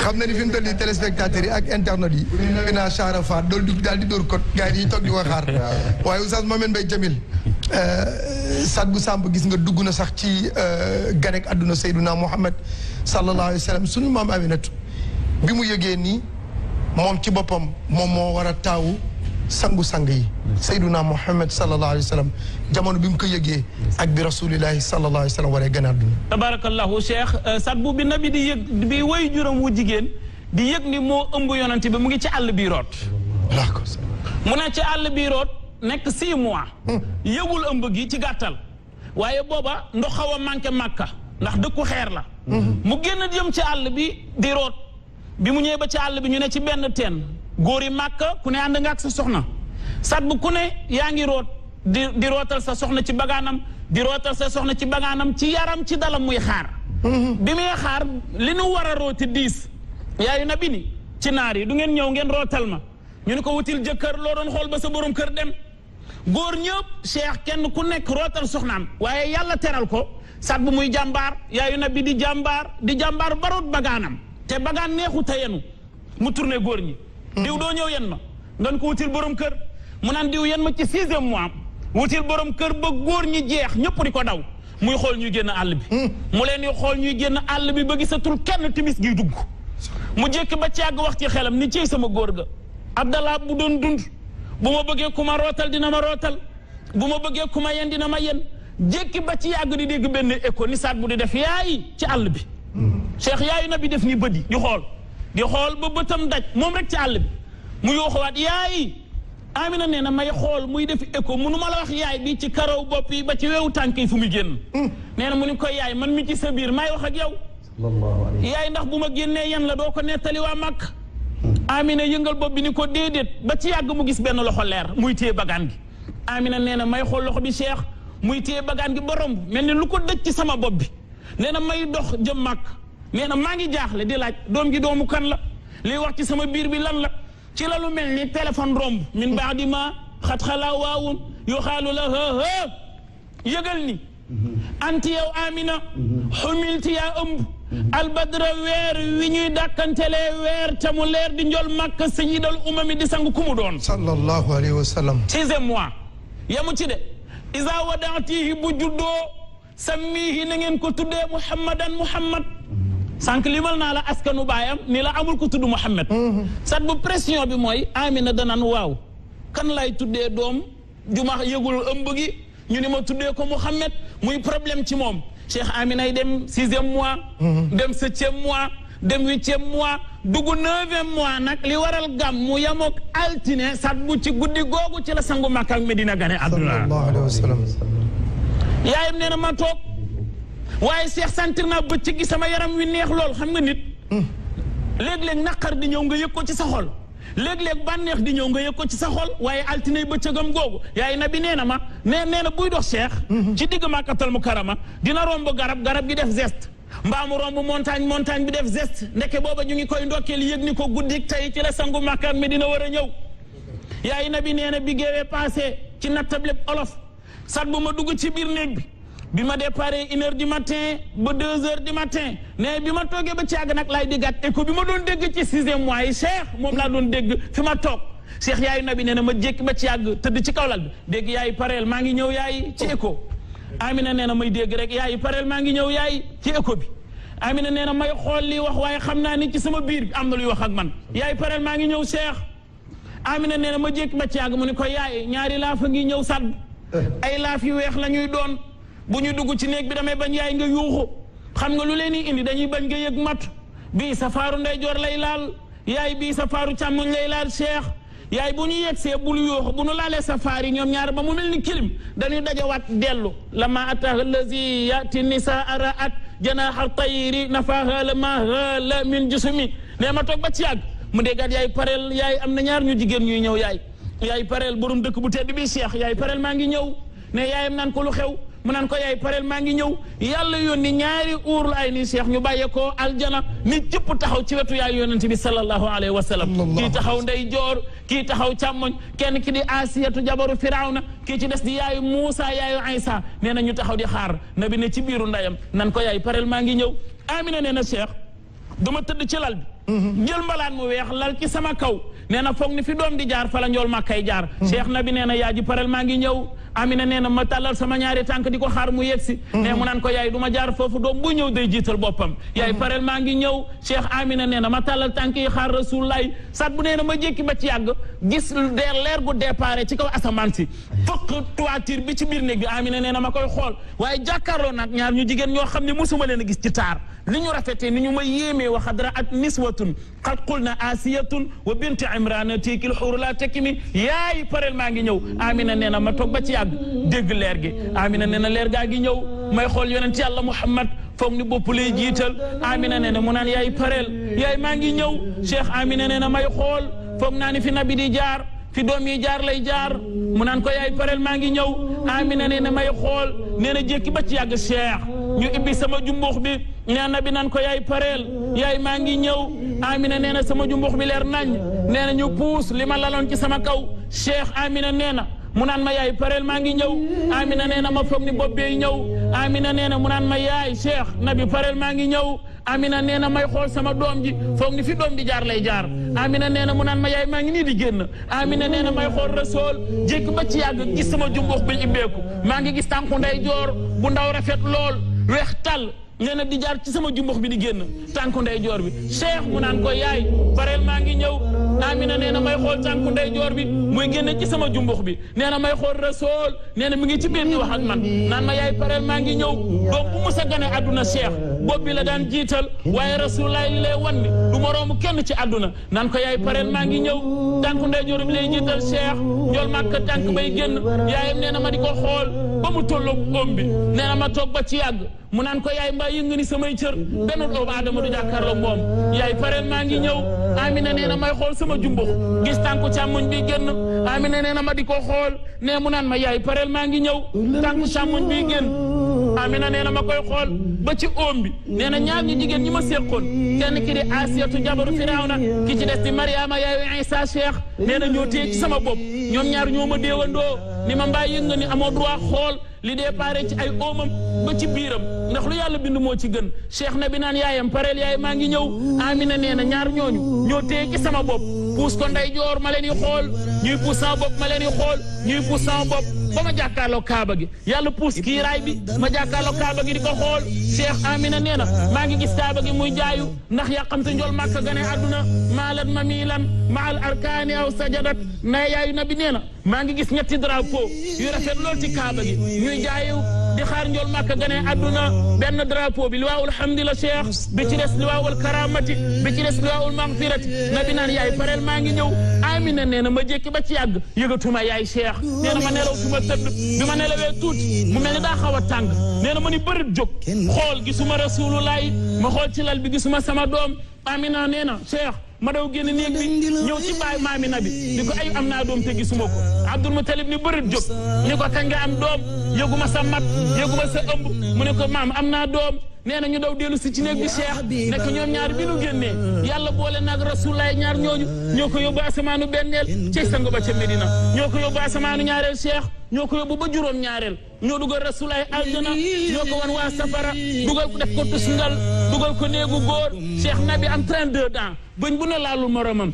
xam na ni fin mu toll yi ak internet yi. dina Chara Faat dool di daal di dóor code gars yi toog di ko xaar. waaye Oustaz Jamil. Euh, Saad bu Samb gis nga dugg na sax ci euh, ganek àdduna Seydina Mohamed sallallahu alayhi wa sunu maam Aminatu bi mu yëgee nii. moom ci boppam moom moo war a taawu sangu-sang yi sayduna muhammad sallallahu alayhi wa sallam jamono bi mu ko yëgee ak bi rasulillahi sallallahu alayhi wa sallam waree gën a àdduna tabarakallahu cheikh euh, sat bu bi nabi di yëg bi way juróom wu jigéen di yëg ni moo ëmb yonante bi mu ngi ci àll bii root mu ne ci àll bii root nekk six mois hmm. yëgul ëmb gi ci gàttal waaye booba ndox xaw a manqué màkka ndax dëkku xeer la hmm. mu génn jëm ci àll bi di root bi mu ñëwee ba ci àll bi ñu ne ci benn teen góor yi màkk ku ne ànd nga ak sa soxna sat bu ku ne yaa ngi root di rootal sa soxna ci bagaanam di rootal sa soxna ci bagaanam ci yaram ci dalam muy xaar mm-hmm. bi muy xaar li nu war a rooti diis yaayu na bi ni ci naar yi du ngeen ñëw ngeen rootal ma ñu ne ko wutil jëkkër loo doon xool ba sa borom kër dem góor ñëpp cheikh kenn ku nekk rootal soxnaam waaye yàlla teral ko sat bu muy jàmbaar yaayu na bi di jàmbaar di jàmbaar barut bagaanam te ba ngaa neexu ta yenu mu tourné góor ñi diw doo ñëw yen ma doon ko wutil borom kër mu naan diw yen ma ci mu am wutil borom kër ba góor ñi jeex ñëpp di ko daw muy xool ñuy génn àll bi mu leen di xool ñuy génn àll bi ba gisatul kenn timis gi dugg mu jékki ba càgg wax ci xelam ni ciy sama góor ga Abdallah bu doon dund bu ma bëggee ku ma rootal dina ma rootal bu ma bëggee ku ma yen dina ma yen jékki ba ci yàgg di dégg benn écho ni saat bu di def yaayi ci àll bi cheikh yaayu bi def ni bët yi di xool di xool ba bëtam daj moom rek ci àll bi mu yooxuwaat yaayi amina nee na may xool muy def écho munu ma la wax yaay bi ci karaw bopp yi ba ci weewu tànk yi fu muy génn nee na mu ni koy yaay man mi ci sa biir may wax ak yow yaay ndax bu ma génnee yan la doo ko nettali waa màkk amina yëngal bopp bi ni ko déedéet ba ci yàgg mu gis benn loxo leer muy téye bagaan gi amina nee na may xool loxo bi cheikh muy téye bagaan gi borom mel ni lu ko dëj ci sama bopp bi nee na may dox jëm màkk nee na maa ngi jaaxle di laaj doom gi doomu kan la liy wax ci sama biir bi lan la ci la lu mel ni téléphone romb min baadi ma xat xalaa waawun yu xaalu la hëhë yëgal ni anti yow amina xumilti yaa ëmb albadra weer wi ñuy dàkkantelee weer te mu leer di njol màkk sayidal umami di sang ku mu doon sallallahu alayhi wa mois yamu ci de isa wadaatihi bu juddoo sammihi na ngeen ko tuddee muhammadan muhammad sànq limal naa la askanu baayam ni la amul ko tudd muhammad sat bu pression bi mooy amina danan waaw kan lay tuddee doom ju ma ëmb gi ñu ni ma tuddee ko muhammad muy problème ci moom cheikh amina yi dem sixième mois dem sa septième mois dem huitième mois dugg neuvième mois nag li waral gam mu yamook altine sat bu ci guddi googu ci la sangu Makka ak Medina gane àdduna yaayam nee na ma toog waaye seex sentir naa bëccëg gi sama yaram wi neex lool xam nga nit léeg-léeg naqar di ñëw nga yëg ko ci sa xol léeg-léeg bànneex di ñëw nga yëg ko ci sa xol waaye altine bëccëgam googu yaay na bi nee na ma nee nee na buy dox seex ci digg màkkatal mu karama dina romb garab garab gi def geste mbaa mu romb montagne montagne bi def geste ndeke booba ñu ngi koy ndokkeel yëg ni ko guddik tey ci la sangu màkkaat mi dina war a ñëw yaay na bi nee na bi géewee passé ci nattableb olof sat bu ma dugg ci biir néeg bi bi ma déparé une heure du matin ba deux heures du matin mais bi ma toogee ba ci yàgg nag laay déggaat écho bi ma doon dégg ci sixième mois yi Cheikh moom laa doon dégg fi ma toog Cheikh yaayu nabi nee na ma jékki ba ci yàgg tëdd ci kawlal bi dégg yaayu pareel maa ngi ñëw yaay ci écho Amina nee na may dégg rek yaayu pareel maa ngi ñëw yaay ci écho bi Amina nee na may xool li wax waaye xam naa ni ci sama biir bi am na luy wax ak man yaayu pareel maa ngi ñëw Cheikh Amina nee na ma jékki ba ci yàgg mu ne ko yaay ñaari laa fa ngi ñëw sàdd ay laaf yu weex lañuy doon bu ñu dugg ci néeg bi damay bañ yaay nga yuuxu xam nga lu leen di indi dañuy bañ nga yëg mat bii safaaru ndeyjoor lay laal yaay bii safaaru càmmoñ lay laal cheikh yaay bu ñu yegsee bul yooxu bu ñu laalee safaar yi ñoom ñaar ba mu mel ni kilim dañuy dajawaat dellu lama ataha allazi yati nisaa raat janaaxa tayri nafaha lama hala min jusumi nee ma toog ba ci yàgg mu déggaat yaay pareel yaay am na ñaar ñu jigéen ñuy ñëw yaay yaay pareel borom dëkk bu tedd bi seex yaay pareel maa ngi ñëw ne yaayam naan ko lu xew mu naan ko yaay pareel maa ngi ñëw yàlla yónni ñaari uurlu ay nii seex ñu bàyyee ko aljana nit jëpp taxaw ci wetu yaay yonent bi sallallahu alayhi wa sallam kii taxaw ndey joor kii taxaw càmmoñ kenn ki di asiyatu jabaru firawna kii ci des di yaayu muusa yaayu aysa nee na ñu taxaw di xaar na bi ne ci biiru ndayam nan ko yaay pareel maa ngi ñëw amina nee na seex duma tëdd ci lal bi jël mbalaan mu weex lal ci sama kaw nee na foog ni fi doom di jaar fala la njool ma kay jaar cheikh na bi nee na yaa ji parel maa ngi ñëw Amina nee na ma tàllal sama ñaari tànk di ko xaar mu yegsi mais mhm. mu naan ko yaay du ma jaar foofu doom bu ñëw day jiital boppam mhm. yaay pareel maa ngi ñëw Cheikh Amina nee na ma tàllal tànk yi xaar rasulullaay sat bu nee na ma jékki ba ci yàgg gis deer leer gu déparé ci kaw asamaan si fëq toiture bi ci biir néeg bi Amina nee na ma koy xool waaye jàkkaarloo nag ñaar ñu jigéen ñoo xam ne mosuma leen a gis ci taar li ñu rafetee ni ñu ma a dara ak niswatun qad qulna asiyatun wa bint imrana tiikil xuuru laa tekimi yaay pareel maa ngi ñëw amina nee na ma toog ba ci yàgg dégg leer gi amina nee na leer gaa gi ñëw may xool yonent yàlla muhammad foog ni bopp lay jiital amina nee na mu naan yaay pareel yaay maa ngi ñëw cheikh amina nee na may xool foog naa ni fi nabi di jaar fi doom yi jaar lay jaar mu naan ko yaay pareel maa ngi ñëw Amina nee na may xool nee na jékki ba ci yàgg ñu ibbi sama jumbux bi nee na bi naan ko yaay pareel yaay maa ngi ñëw Amina nee na sama jumbux bi leer nañ nee na ñu puus li ma ci sama kaw Cheikh Amina nee na mu naan ma yaay pareel maa ngi ñëw amina nee na ma foog ni bopp bee ñëw amina nee na mu naan ma yaay cheikh nabi pareel maa ngi ñëw amina nee na may xool sama doom ji foog ni fi doom di jaar lay jaar amina nee na mu naan ma yaay maa ngi nii di génn amina nee na may xool rasool jékk ba ci yàgg gis sama jumbux bi ibbeeku maa ngi gis tànku nday joor bu ndaw rafet lool weex tal nee na di jaar ci sama jumbox bi di génn tànku ndeyjoor bi cheikh mu naan ko yaay pareel maa ngi ñëw Amina nee na may xool tànku ndeyjoor bi muy génn ci sama jumbox bi nee na may xool rasool nee na mi ngi ci benn ñu wax ak man naan ma yaay pareel maa ngi ñëw doom bu musa gane àdduna cheikh la daan jiital waaye rasulaay li lay wan ni moroomu kenn ci àdduna naan ko yaay pareel maa ngi ñëw tànku ndeyjoor bi lay jiital cheikh njool màkk na ma di ko xool ba mu tolloog oom bi nee ci yàgg mu naan ko yaay mbaa yëngu ni samay cër benn doomu aadama du jàkkaarloo moom yaay pare maa ngi ñëw Amina nee na may xool sama jumbux gis tànku càmmoñ bi génn Amina nee na ma di ko xool nee mu naan ma yaay pareel maa ngi ñëw tànku càmmoñ bi génn Amina nee na ma koy xool ba ci oom bi nee na ñaar ñu jigéen ñi ma séqoon kenn ki di Asiyatu jabaru Firawna ki ci des di Mariama yaayu Isa Cheikh nee na ñoo téye ci sama bopp ñoom ñaar ñoo ma déewandoo ni ma mbaa yëg nga ni amoo droit xool li dee pare ci ay oomam ba ci biiram ndax lu yàlla bind moo ci gën cheikh na bi naan yaayam pareel yaay maa ngi ñëw amina nee na ñaar ñooñu ñoo téye ci sama bopp puus ko nday joor ma leen di xool ñuy puus sama bopp ma leen di xool ñuy puus sama bopp ba ma jàkkaarloo kaaba gi yàlla puus kiiraay bi ma jàkkaarloo kaaba gi di ko xool Cheikh Amina nee maa ngi gis kaaba gi muy jaayu ndax yàqamte njool màkka gane àdduna maalan ma miilan maal arkaani aw sajadat na yaayu na bi nee maa ngi gis ñetti drapeau yu rafet lool ci kaaba gi ñuy jaayu di xaar njool màkk gane àdduna benn drapeau bi liwaawul hamdi la cheikh bi ci des liwaawul karamati bi ci des liwaawul magfirati nabi naan yaay pareel maa ngi ñëw amina nee na ma jékki ba ci yàgg yëgatuma yaay cheikh nee na ma nelawtuma tëdd bi ma nelawee tuuti mu mel ni daa xaw a tàng nee na ma ni bërit jóg xool gisuma rasulullah ma xool ci lal bi gi suma sama doom amina nee na cheikh ma daw génn néeg bi ñëw ci baay maami nabi di ko ay am naa doom te gisuma ko abdul mutalib ni bërit jóg ni ko kañ am doom yëguma sa mat yëguma sa ëmb mu ne ko maam am naa doom nee na ñu daw dellu si ci bi cheikh nekk ñoom ñaar bi nu génnee yàlla boole nag rasulaay ñaar ñooñu ñoo ko yóbbu asamaanu benneel ci sango ba ca Medina ñoo ko yóbbu asamaanu ñaareel cheikh ñoo ko yóbbu ba juróom ñaareel ñoo dugal rasulaay aljana ñoo ko wan waa safara dugal def ko tusngal dugal ko néegu góor cheikh nabi am 32 ans bañ bu na laalul moromam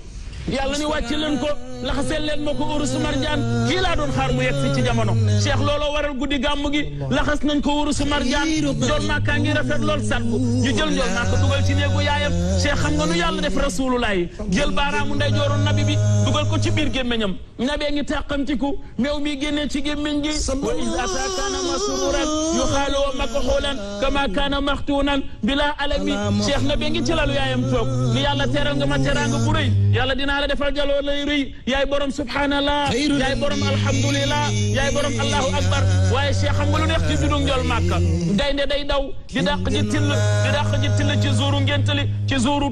yàlla ni wàcc leen ko laxaseel leen ma ko urus marjaan kii laa doon xaar mu yegg si ci jamono cheikh looloo waral guddi gàmm gi laxas nañ ko urus marjaan njool maakaa ngi rafet lool satbu ñu jël njool maa ko dugal ci néegu yaayam cheikh xam nga nu yàlla def rasulullah yi jël baaraamu nday jooru nabi bi dugal ko ci biir gémmiñam nabee ngi tàqamtiku meew mi génnee ci gémmiñ gi wa is ata kaana masruran yu xaalo wa makxuulan kama kaana maxtuunan bila alami cheikh nabee ngi ci lalu yaayam toog ma teraanga bu rëy yàlla dina naa la defal jaloo lay rëy yaay borom subhanallah yaay borom alhamdulillah yaay borom allahu akbar waaye cheikh xam nga lu neex ci dudu njol màkka gaynde day daw di dàq ji till di dàq ji till ci zuuru ngéntali ci zuuru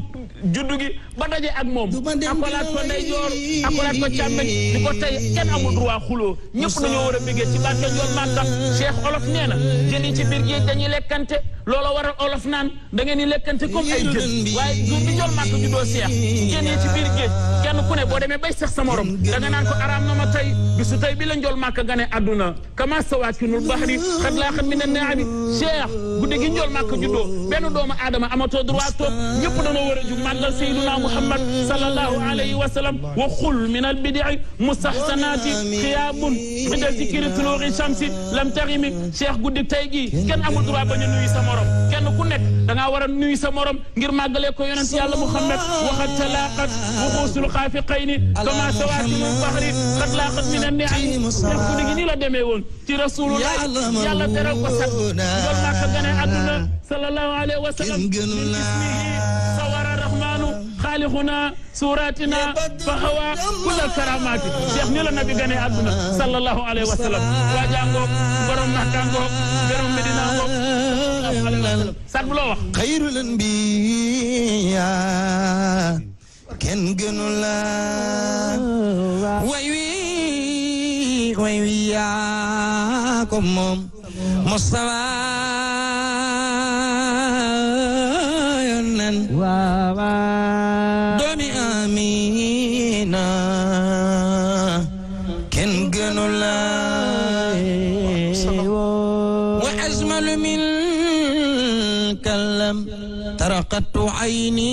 juddu gi ba daje ak moom akolaat ko nday joor akolaat ko càmmeñ di ko tey kenn amul droit xuloo ñëpp dañoo war a bégee olof nee na yi ci biir géej lekkante looloo waral olof naan da ngeen di lekkante comme ay jën waaye du di jol màkk ju doo seex ngeen yi ci biir géej kenn ku ne boo demee bay seex sa morom da nga naan ko araam na ma tey bisu tey bi la njol màkk nga ne adduna kama sawaakinul bahri xat laa xam mi ne naa bi cheikh guddi gi njol màkk juddoo benn doomu aadama amatoo droit toog ñëpp dañoo war a jug màggal sayyiduna muhammad sallallahu alayhi wa sallam wa xul min al bidii mustahsanaati xiyaabun inda zikri tuluuri shamsi lam tarimi cheikh guddi gi kenn amul droit bañ a nuyu morom kenn ku nekk dangaa war a nuyu sa morom ngir màggalee ko yonent yàlla muhammad waxat talaqat wuxuusul xaafiqayni kama sawaatimul bahri xat laqat min an niami def ku nigi nii la demee woon ci rasulullah yàlla teral ko sat loolu maa ko gane àdduna sallallahu alayhi wa sallam xaalixuna suuratina faxawa kulla karamaati cheikh ni la nabi gane àdduna sallallahu alayhi wa sallam waa jàngoog borom naxkangoog borom medina ngoog sat bu loo wax xayrul anbiya kenn gënu la way wi way wi yaa ko moom Mustafa waaw waaw فقدت عيني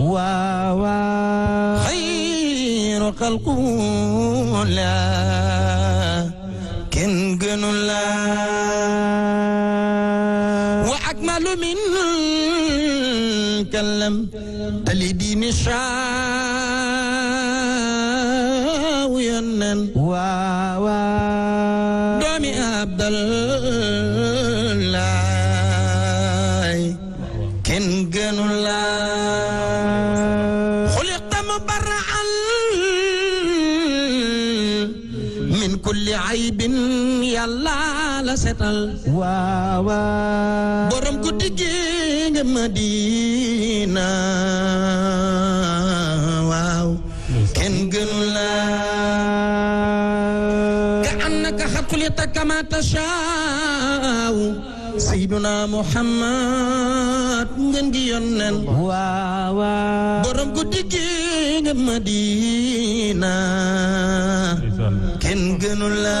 واو خير خلقه لا كن جن لا وأكمل من كلم تلي دين شاء yàlla la setal waaw waaw borom ku diggee nga Madina waaw kenn gënu la ka annaka xaqulita kama tashaaw sayyiduna Muhammad ngeen gi yónneen waaw waaw borom ku diggee nga Madina kenn gënu la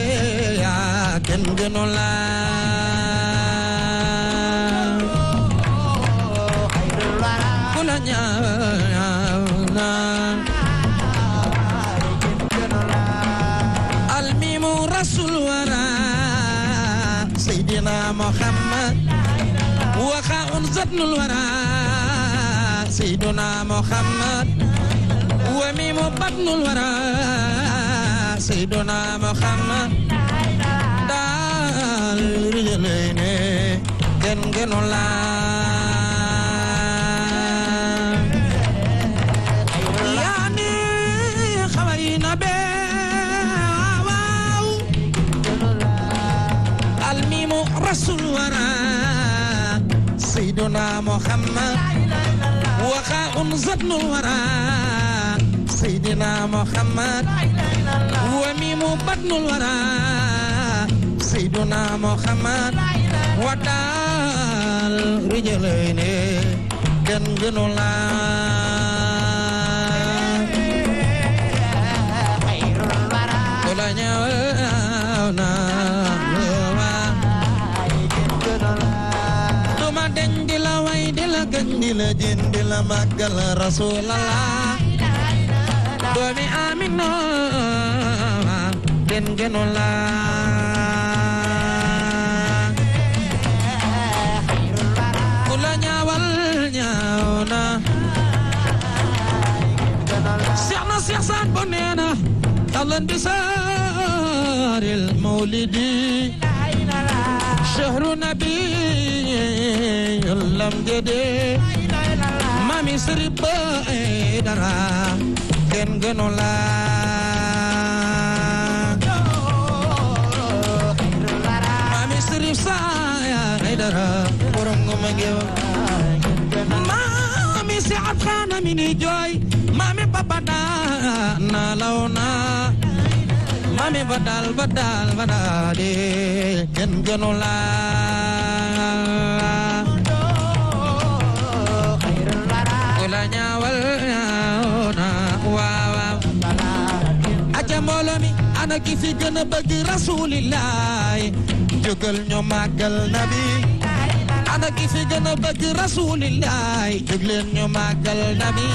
kenn gënu la ku la wara seydina muhammad waxaun zatnul wara seydina wara seydina muhammad rijaleene gen genola yaani xawayna be waaw almimu rasul wara sayyiduna muhammad waqa un zadnu wara sayyidina muhammad wa mimu badnul wara سيدنا محمد وتعال رجلين دنجن الله خير الورى ولا نعونا ni la jëndi la màggal rasulallah doomi amina den gënu la Cheikh Saad Bou nee na ahlan bi saaril mawlidi shahru nabi lam gede mami sëri ba dara den gënu la mami sëri saaya dara borom nga ma ngeew mami si at mi ni mami babada na launa mami badal badal badade gen genola wala ñaawal na waawa aca mbooloo mi ana ki fi gën a bëgg rasulillahi jógal ñu màggal nabi ana ki fi gën a bëgg rasulillahi jóg ñu màggal nabi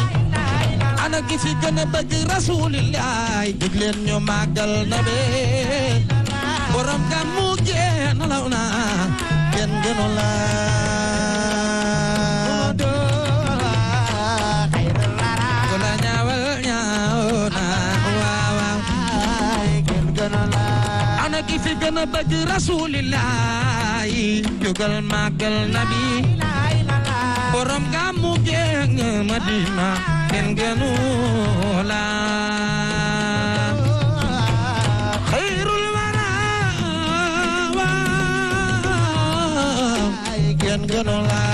na ki fi gën a bëgg rasulillaay dig leen ñu màggal na be borom gam mu geen law na kenn gënu la ki fi gën a bëgg rasulillaay jógal màggal nabi borom gàmmu géng Madina kenn gënu la xayrul wara wa kenn gënu la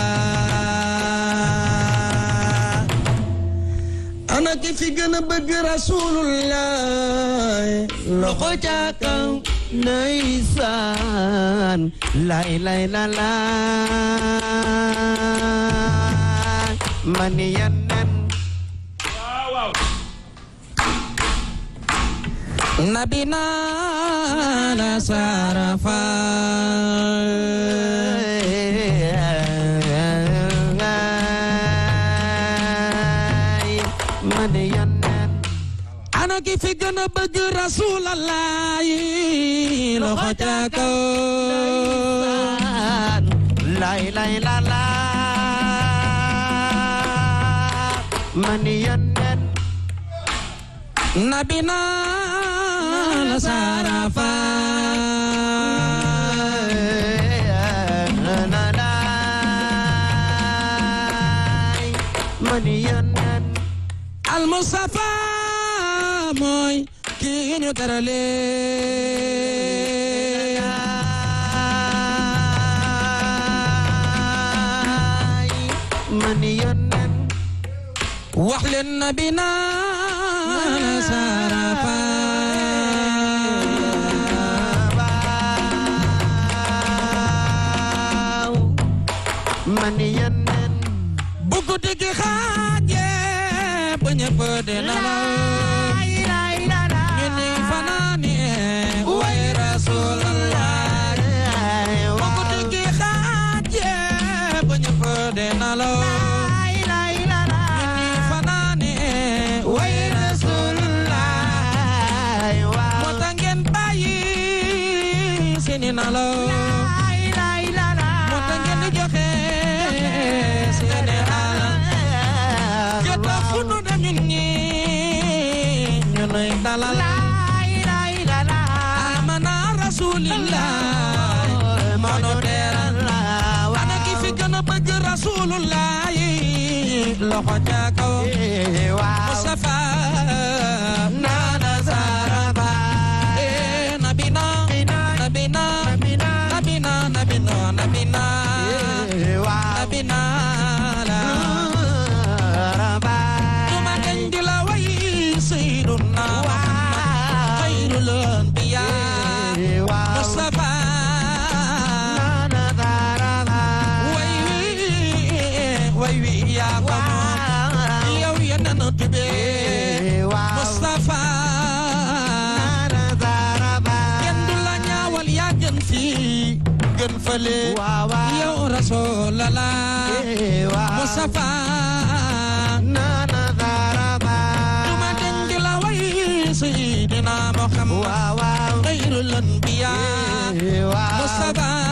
ana ki fi gën a bëgg rasulullah loxo ca kaw ndeysaan lay lay la la man yan nabina la sarafa ana ki fi gën a bëgg rasulallah yi loxo ca kaw lay lay la la man yonent nabi naa la Sara Faye na na naay mani yonent al Mustafa mooy ki ñu teralee wax leen na bi naa xaat yee ba ñëpp di nalaw Hello. loxo ca kaw Mustafa jàppale yow rasulala Mustafa nana daraba duma denc la way Seydina Muhammad xayrul anbiya Mustafa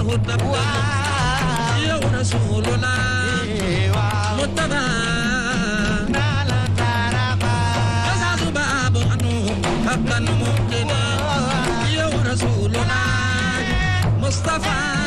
الهدى يا رسولنا متبع نالا ترقى أسعد باب أنه حقا ممكنا يا رسولنا مصطفى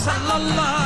sallallahu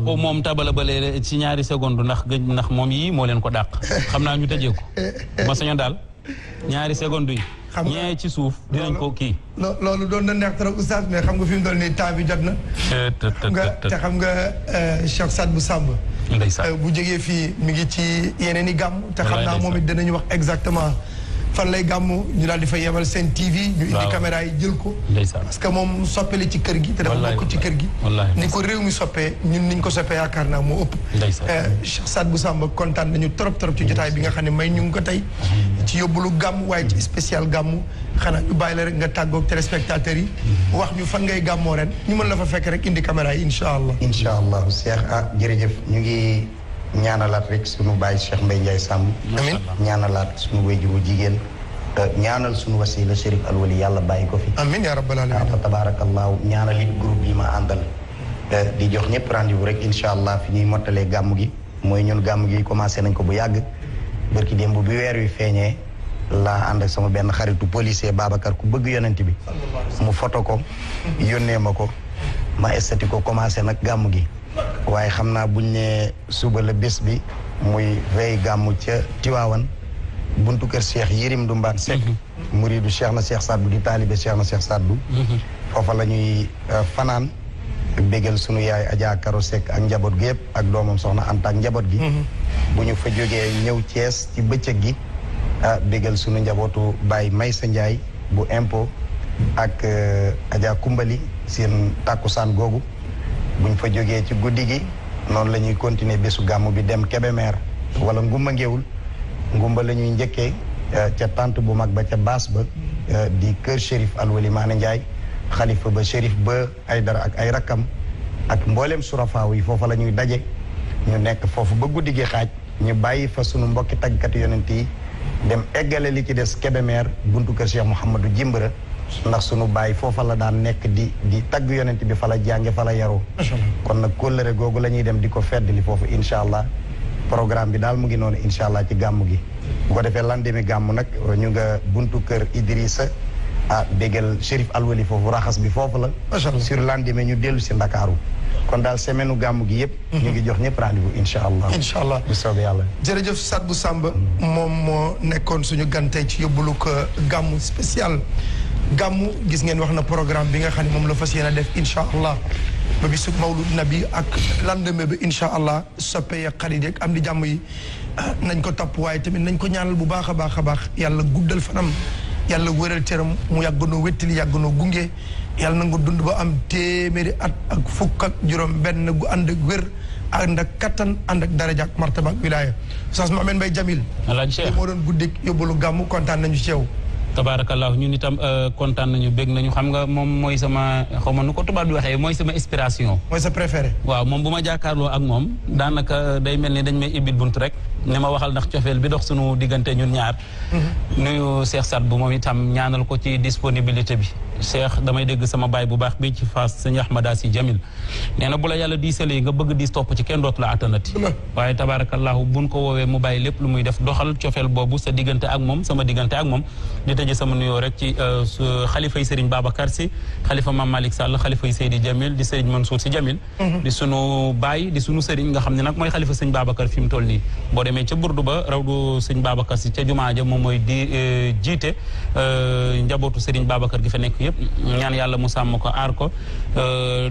ko ko moom tabala balee ci ñaari seconde ndax gëj ndax moom yi moo leen ko dàq xam naa ñu tëjee ko ma sañoon daal ñaari seconde yi xam nga ñee ci suuf dinañ ko kii. loolu doon na neex a oustaz mais xam nga fi mu doon nii temps bi jot na. te xam nga euh, Cheikh Saad bu Samb. Euh, bu jógee fii mi ngi ci yeneen i gàmm. te xam naa moom it dinañu wax exactement. fan lay gàmmu ñu daal di fa yebal seen TV. ñu indi caméra yi jël ko. parce que moom soppele ci kër gi. te dafa bokk ci kër gi. ni ko réew mi soppee ñun ni ñu ko soppee yaakaar naa moo ëpp. Eh, Cheikh Sadbou Samba kontaan nañu trop trop ci jotaay bi nga xam ne may ñu ngi ko tey. ci yóbbulu gàmmu waaye ci spécial gàmmu xanaa ñu bàyyi la rek nga tàggoog téléspectateurs yi. wax ñu fan ngay gàmmoo ren ñu mën na fa fekk rek indi caméra yi incha allah. incha allah Cheikh ah jërëjëf ñu ngi. ñaanalaat rek sunu baay Cheikh Mbaye Ndiaye Samb. amiin ñaanalaat sunu wéju bu jigéen. Euh, ñaanal sunu wasila Chérif Alwali yàlla bàyyi ko fi. amiin yaa rabbal alamin fa tabaarakallaahu ñaanal it groupe yi ma àndal. Euh, di jox ñëpp rendez-vous rek incha allah fi ñuy mottalee gàmm gi mooy ñun gàmm gi commencé nañ ko bu yàgg. barki démb bi weer wi feeñee laa ànd ak sama benn xaritu policier Babacar ku bëgg yonant bi. mu foto ko. yónnee ma ko. ma estati ko commencé nag gàmm gi. waaye xam naa buñ ne suba la bés bi muy vey gàmmu ca Tiwaawan buntu kër Cheikh Yérim du Mbaan mu mhm. muridu Cheikh na Cheikh Saddu di taalibe Cheikh na Cheikh Saddu mhm. foofa la euh, fanaan bégal sunu yaay Adja Karo ak njaboot gi yëpp ak doomam soxna Anta njaboot gi mhm. bu ñu fa jógee ñëw cees ci bëccëg gi euh, bégal sunu njabootu Baye Maysa Ndiaye bu impôt ak euh, Adja Kumbali seen tàkkusaan googu buñ fa jógee ci guddi gi noonu la ñuy continuer bésu gàmm bi dem Kébémer wala ngumba ngeewul ngumba la ñuy njëkkee euh, ca tante bu mag ba ca baas ba euh, di kër shérif alwali maana Ndiaye xalifa ba shérif ba ay dara ak ay rakkam ak mbooleem surafaaw yi foofa la ñuy daje ñu nekk foofu ba guddi gi xaaj ñu bàyyi fa sunu mbokki tàggkat yonent yi dem eggale li ci des Kébémer buntu kër Cheikh Mouhamadou Jimbira ndax sunu baay foofa la daan nekk di di tagg yonent bi fa la jànge fa la yaru kon nag kóllëre googu la ñuy dem di ko li foofu incha allah programme bi daal mu ngi noonu incha allah ci gàmmu gi bu ko defee lendemain gàmm nag ñu nga buntu kër Idrissa ah bégal Chérif Alwali foofu raxas bi foofu la su landeme ñu dellu si Ndakaaru kon daal semaine gàmm gi yëpp mhm. ñu ngi jox ñëpp rendez-vous incha allah incha allah bu soobee yàlla jërëjëf Sadbou Samb mhm. moom moo nekkoon suñu gante ci yóbbulu ko euh, spécial gàmmu gis ngeen wax na programme bi nga xam ne moom la fas yéene def incha allah ba bisu mawlud nabi ak lendemain bi incha allah soppe ya xarit yeeg am di jàmm yi ah, nañ ko topp waaye tamit nañ ko ñaanal bu baax a baax a baax yàlla guddal fanam yàlla wéral teram mu yàgganoo yàgg yàgganoo gunge yàlla na dund ba am téeméeri at ak fukk ak juróom benn gu ànd ak wér ànd ak kattan ànd ak daraja ak martaba ak wilaaya Oustaz Mouhamed Mbaye Jamil li moo doon guddik yóbbalu gàmmu kontaan nañu ci tabaarakallaahu ñun itam euh, kontaan nañu bég nañu xam nga moom mooy sama xaw ma nu ko tubaab di waxee mooy sama inspiration. mooy sa préféré. waaw moom bu ma jàkkaarloo ak moom daanaka euh, day mel ni dañ may ibil bunt rek. ne ma waxal ndax cofeel bi dox sunu diggante ñun ñaar mm-hmm. nuyu Cheikh Sat bu moom itam ñaanal ko ci disponibilité bi seex damay dégg sama baay bu baax bi ci Fass sëñ Ahmada Si Jamil nee na bu la yàlla diisalee nga bëgg diis topp ci kenn dootu la attanati mm-hmm. waaye tabaarakallaahu buñ ko woowee mu bàyyi lépp lu muy def doxal cofeel boobu sa diggante ak moom sama diggante ak moom di tëje sama nuyoo rek ci euh, xalifay Serigne Babacar Si xalifa Mame Malick Sall xalifay Seydi Jamil di Serigne Mansour Si Jamil mm-hmm. di sunu baay di sunu Serigne nga xam ne nag mooy xalifa sëñ Babacar fi mu toll demee ca burdu ba rawdu sëñ Babacar si ca jumaa ja moom mooy di e, jiite e, njabootu sëriñ Babacar gi fa nekk yëpp ñaan yàlla mu sàmm ko aar ko e,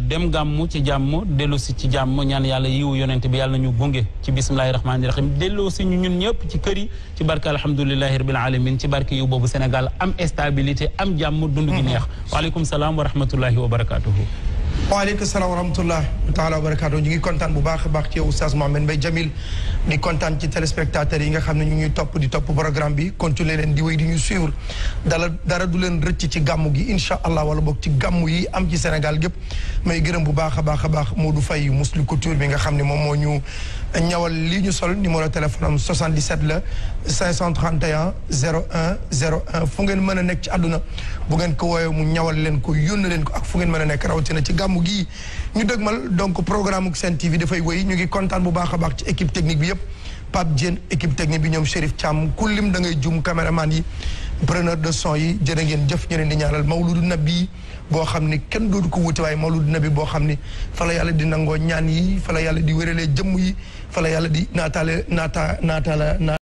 dem gàmmu ci jàmm si ci jàmm ñaan yàlla yiwu yonent bi yàlla ñu gunge ci bismillahi rahmaani rahim si ñu ñun ñëpp ci kër yi ci barke alhamdulillahi rabbil alamin ci barke yiw boobu Sénégal am stabilité am jàmm dund gi neex mm-hmm. waaleykum salaam wa rahmatullahi wa barakatuhu waaleykum salaam wa rahmatullah taala wa barakaatu ñu ngi kontaan bu baax a baax ci yow oustaz Mohamed Mbaye Jamil di kontaan ci téléspectateurs yi nga xam ne ñu ngi topp di topp programme bi continuer leen di wéy di ñu suivre dala dara du leen rëcc ci gàmmu gi incha allah wala boog ci gàmmu yi am ci Sénégal gépp may gërëm bu baax a baax a baax Modou Faye musli couture bi nga xam ne moom moo ñu ñawal lii ñu sol numéro téléphone am 77 la 531 01 01 fu ngeen mën a nekk ci àdduna bu ngeen ko woowee mu ñawal leen ko yónn leen ko ak fu ngeen mën a nekk rawatina ci gàmmu gii ñu mal donc programme Sen TV dafay wéy ñu ngi kontaan bu baax a baax ci équipe technique bi yëpp Pape Diène équipe technique bi ñoom Chérif Thiam kullim da ngay jum caméraman yi preneur de son yi jërë ngeen jëf ñu leen di ñaanal Mawludu Nabi boo xam ni kenn dootu ko wuti waaye Mawludu Nabi boo xam ni fa la di nangoo ñaan yi fa yàlla di wéralee jëmm yi fa yàlla di naataale naata naataala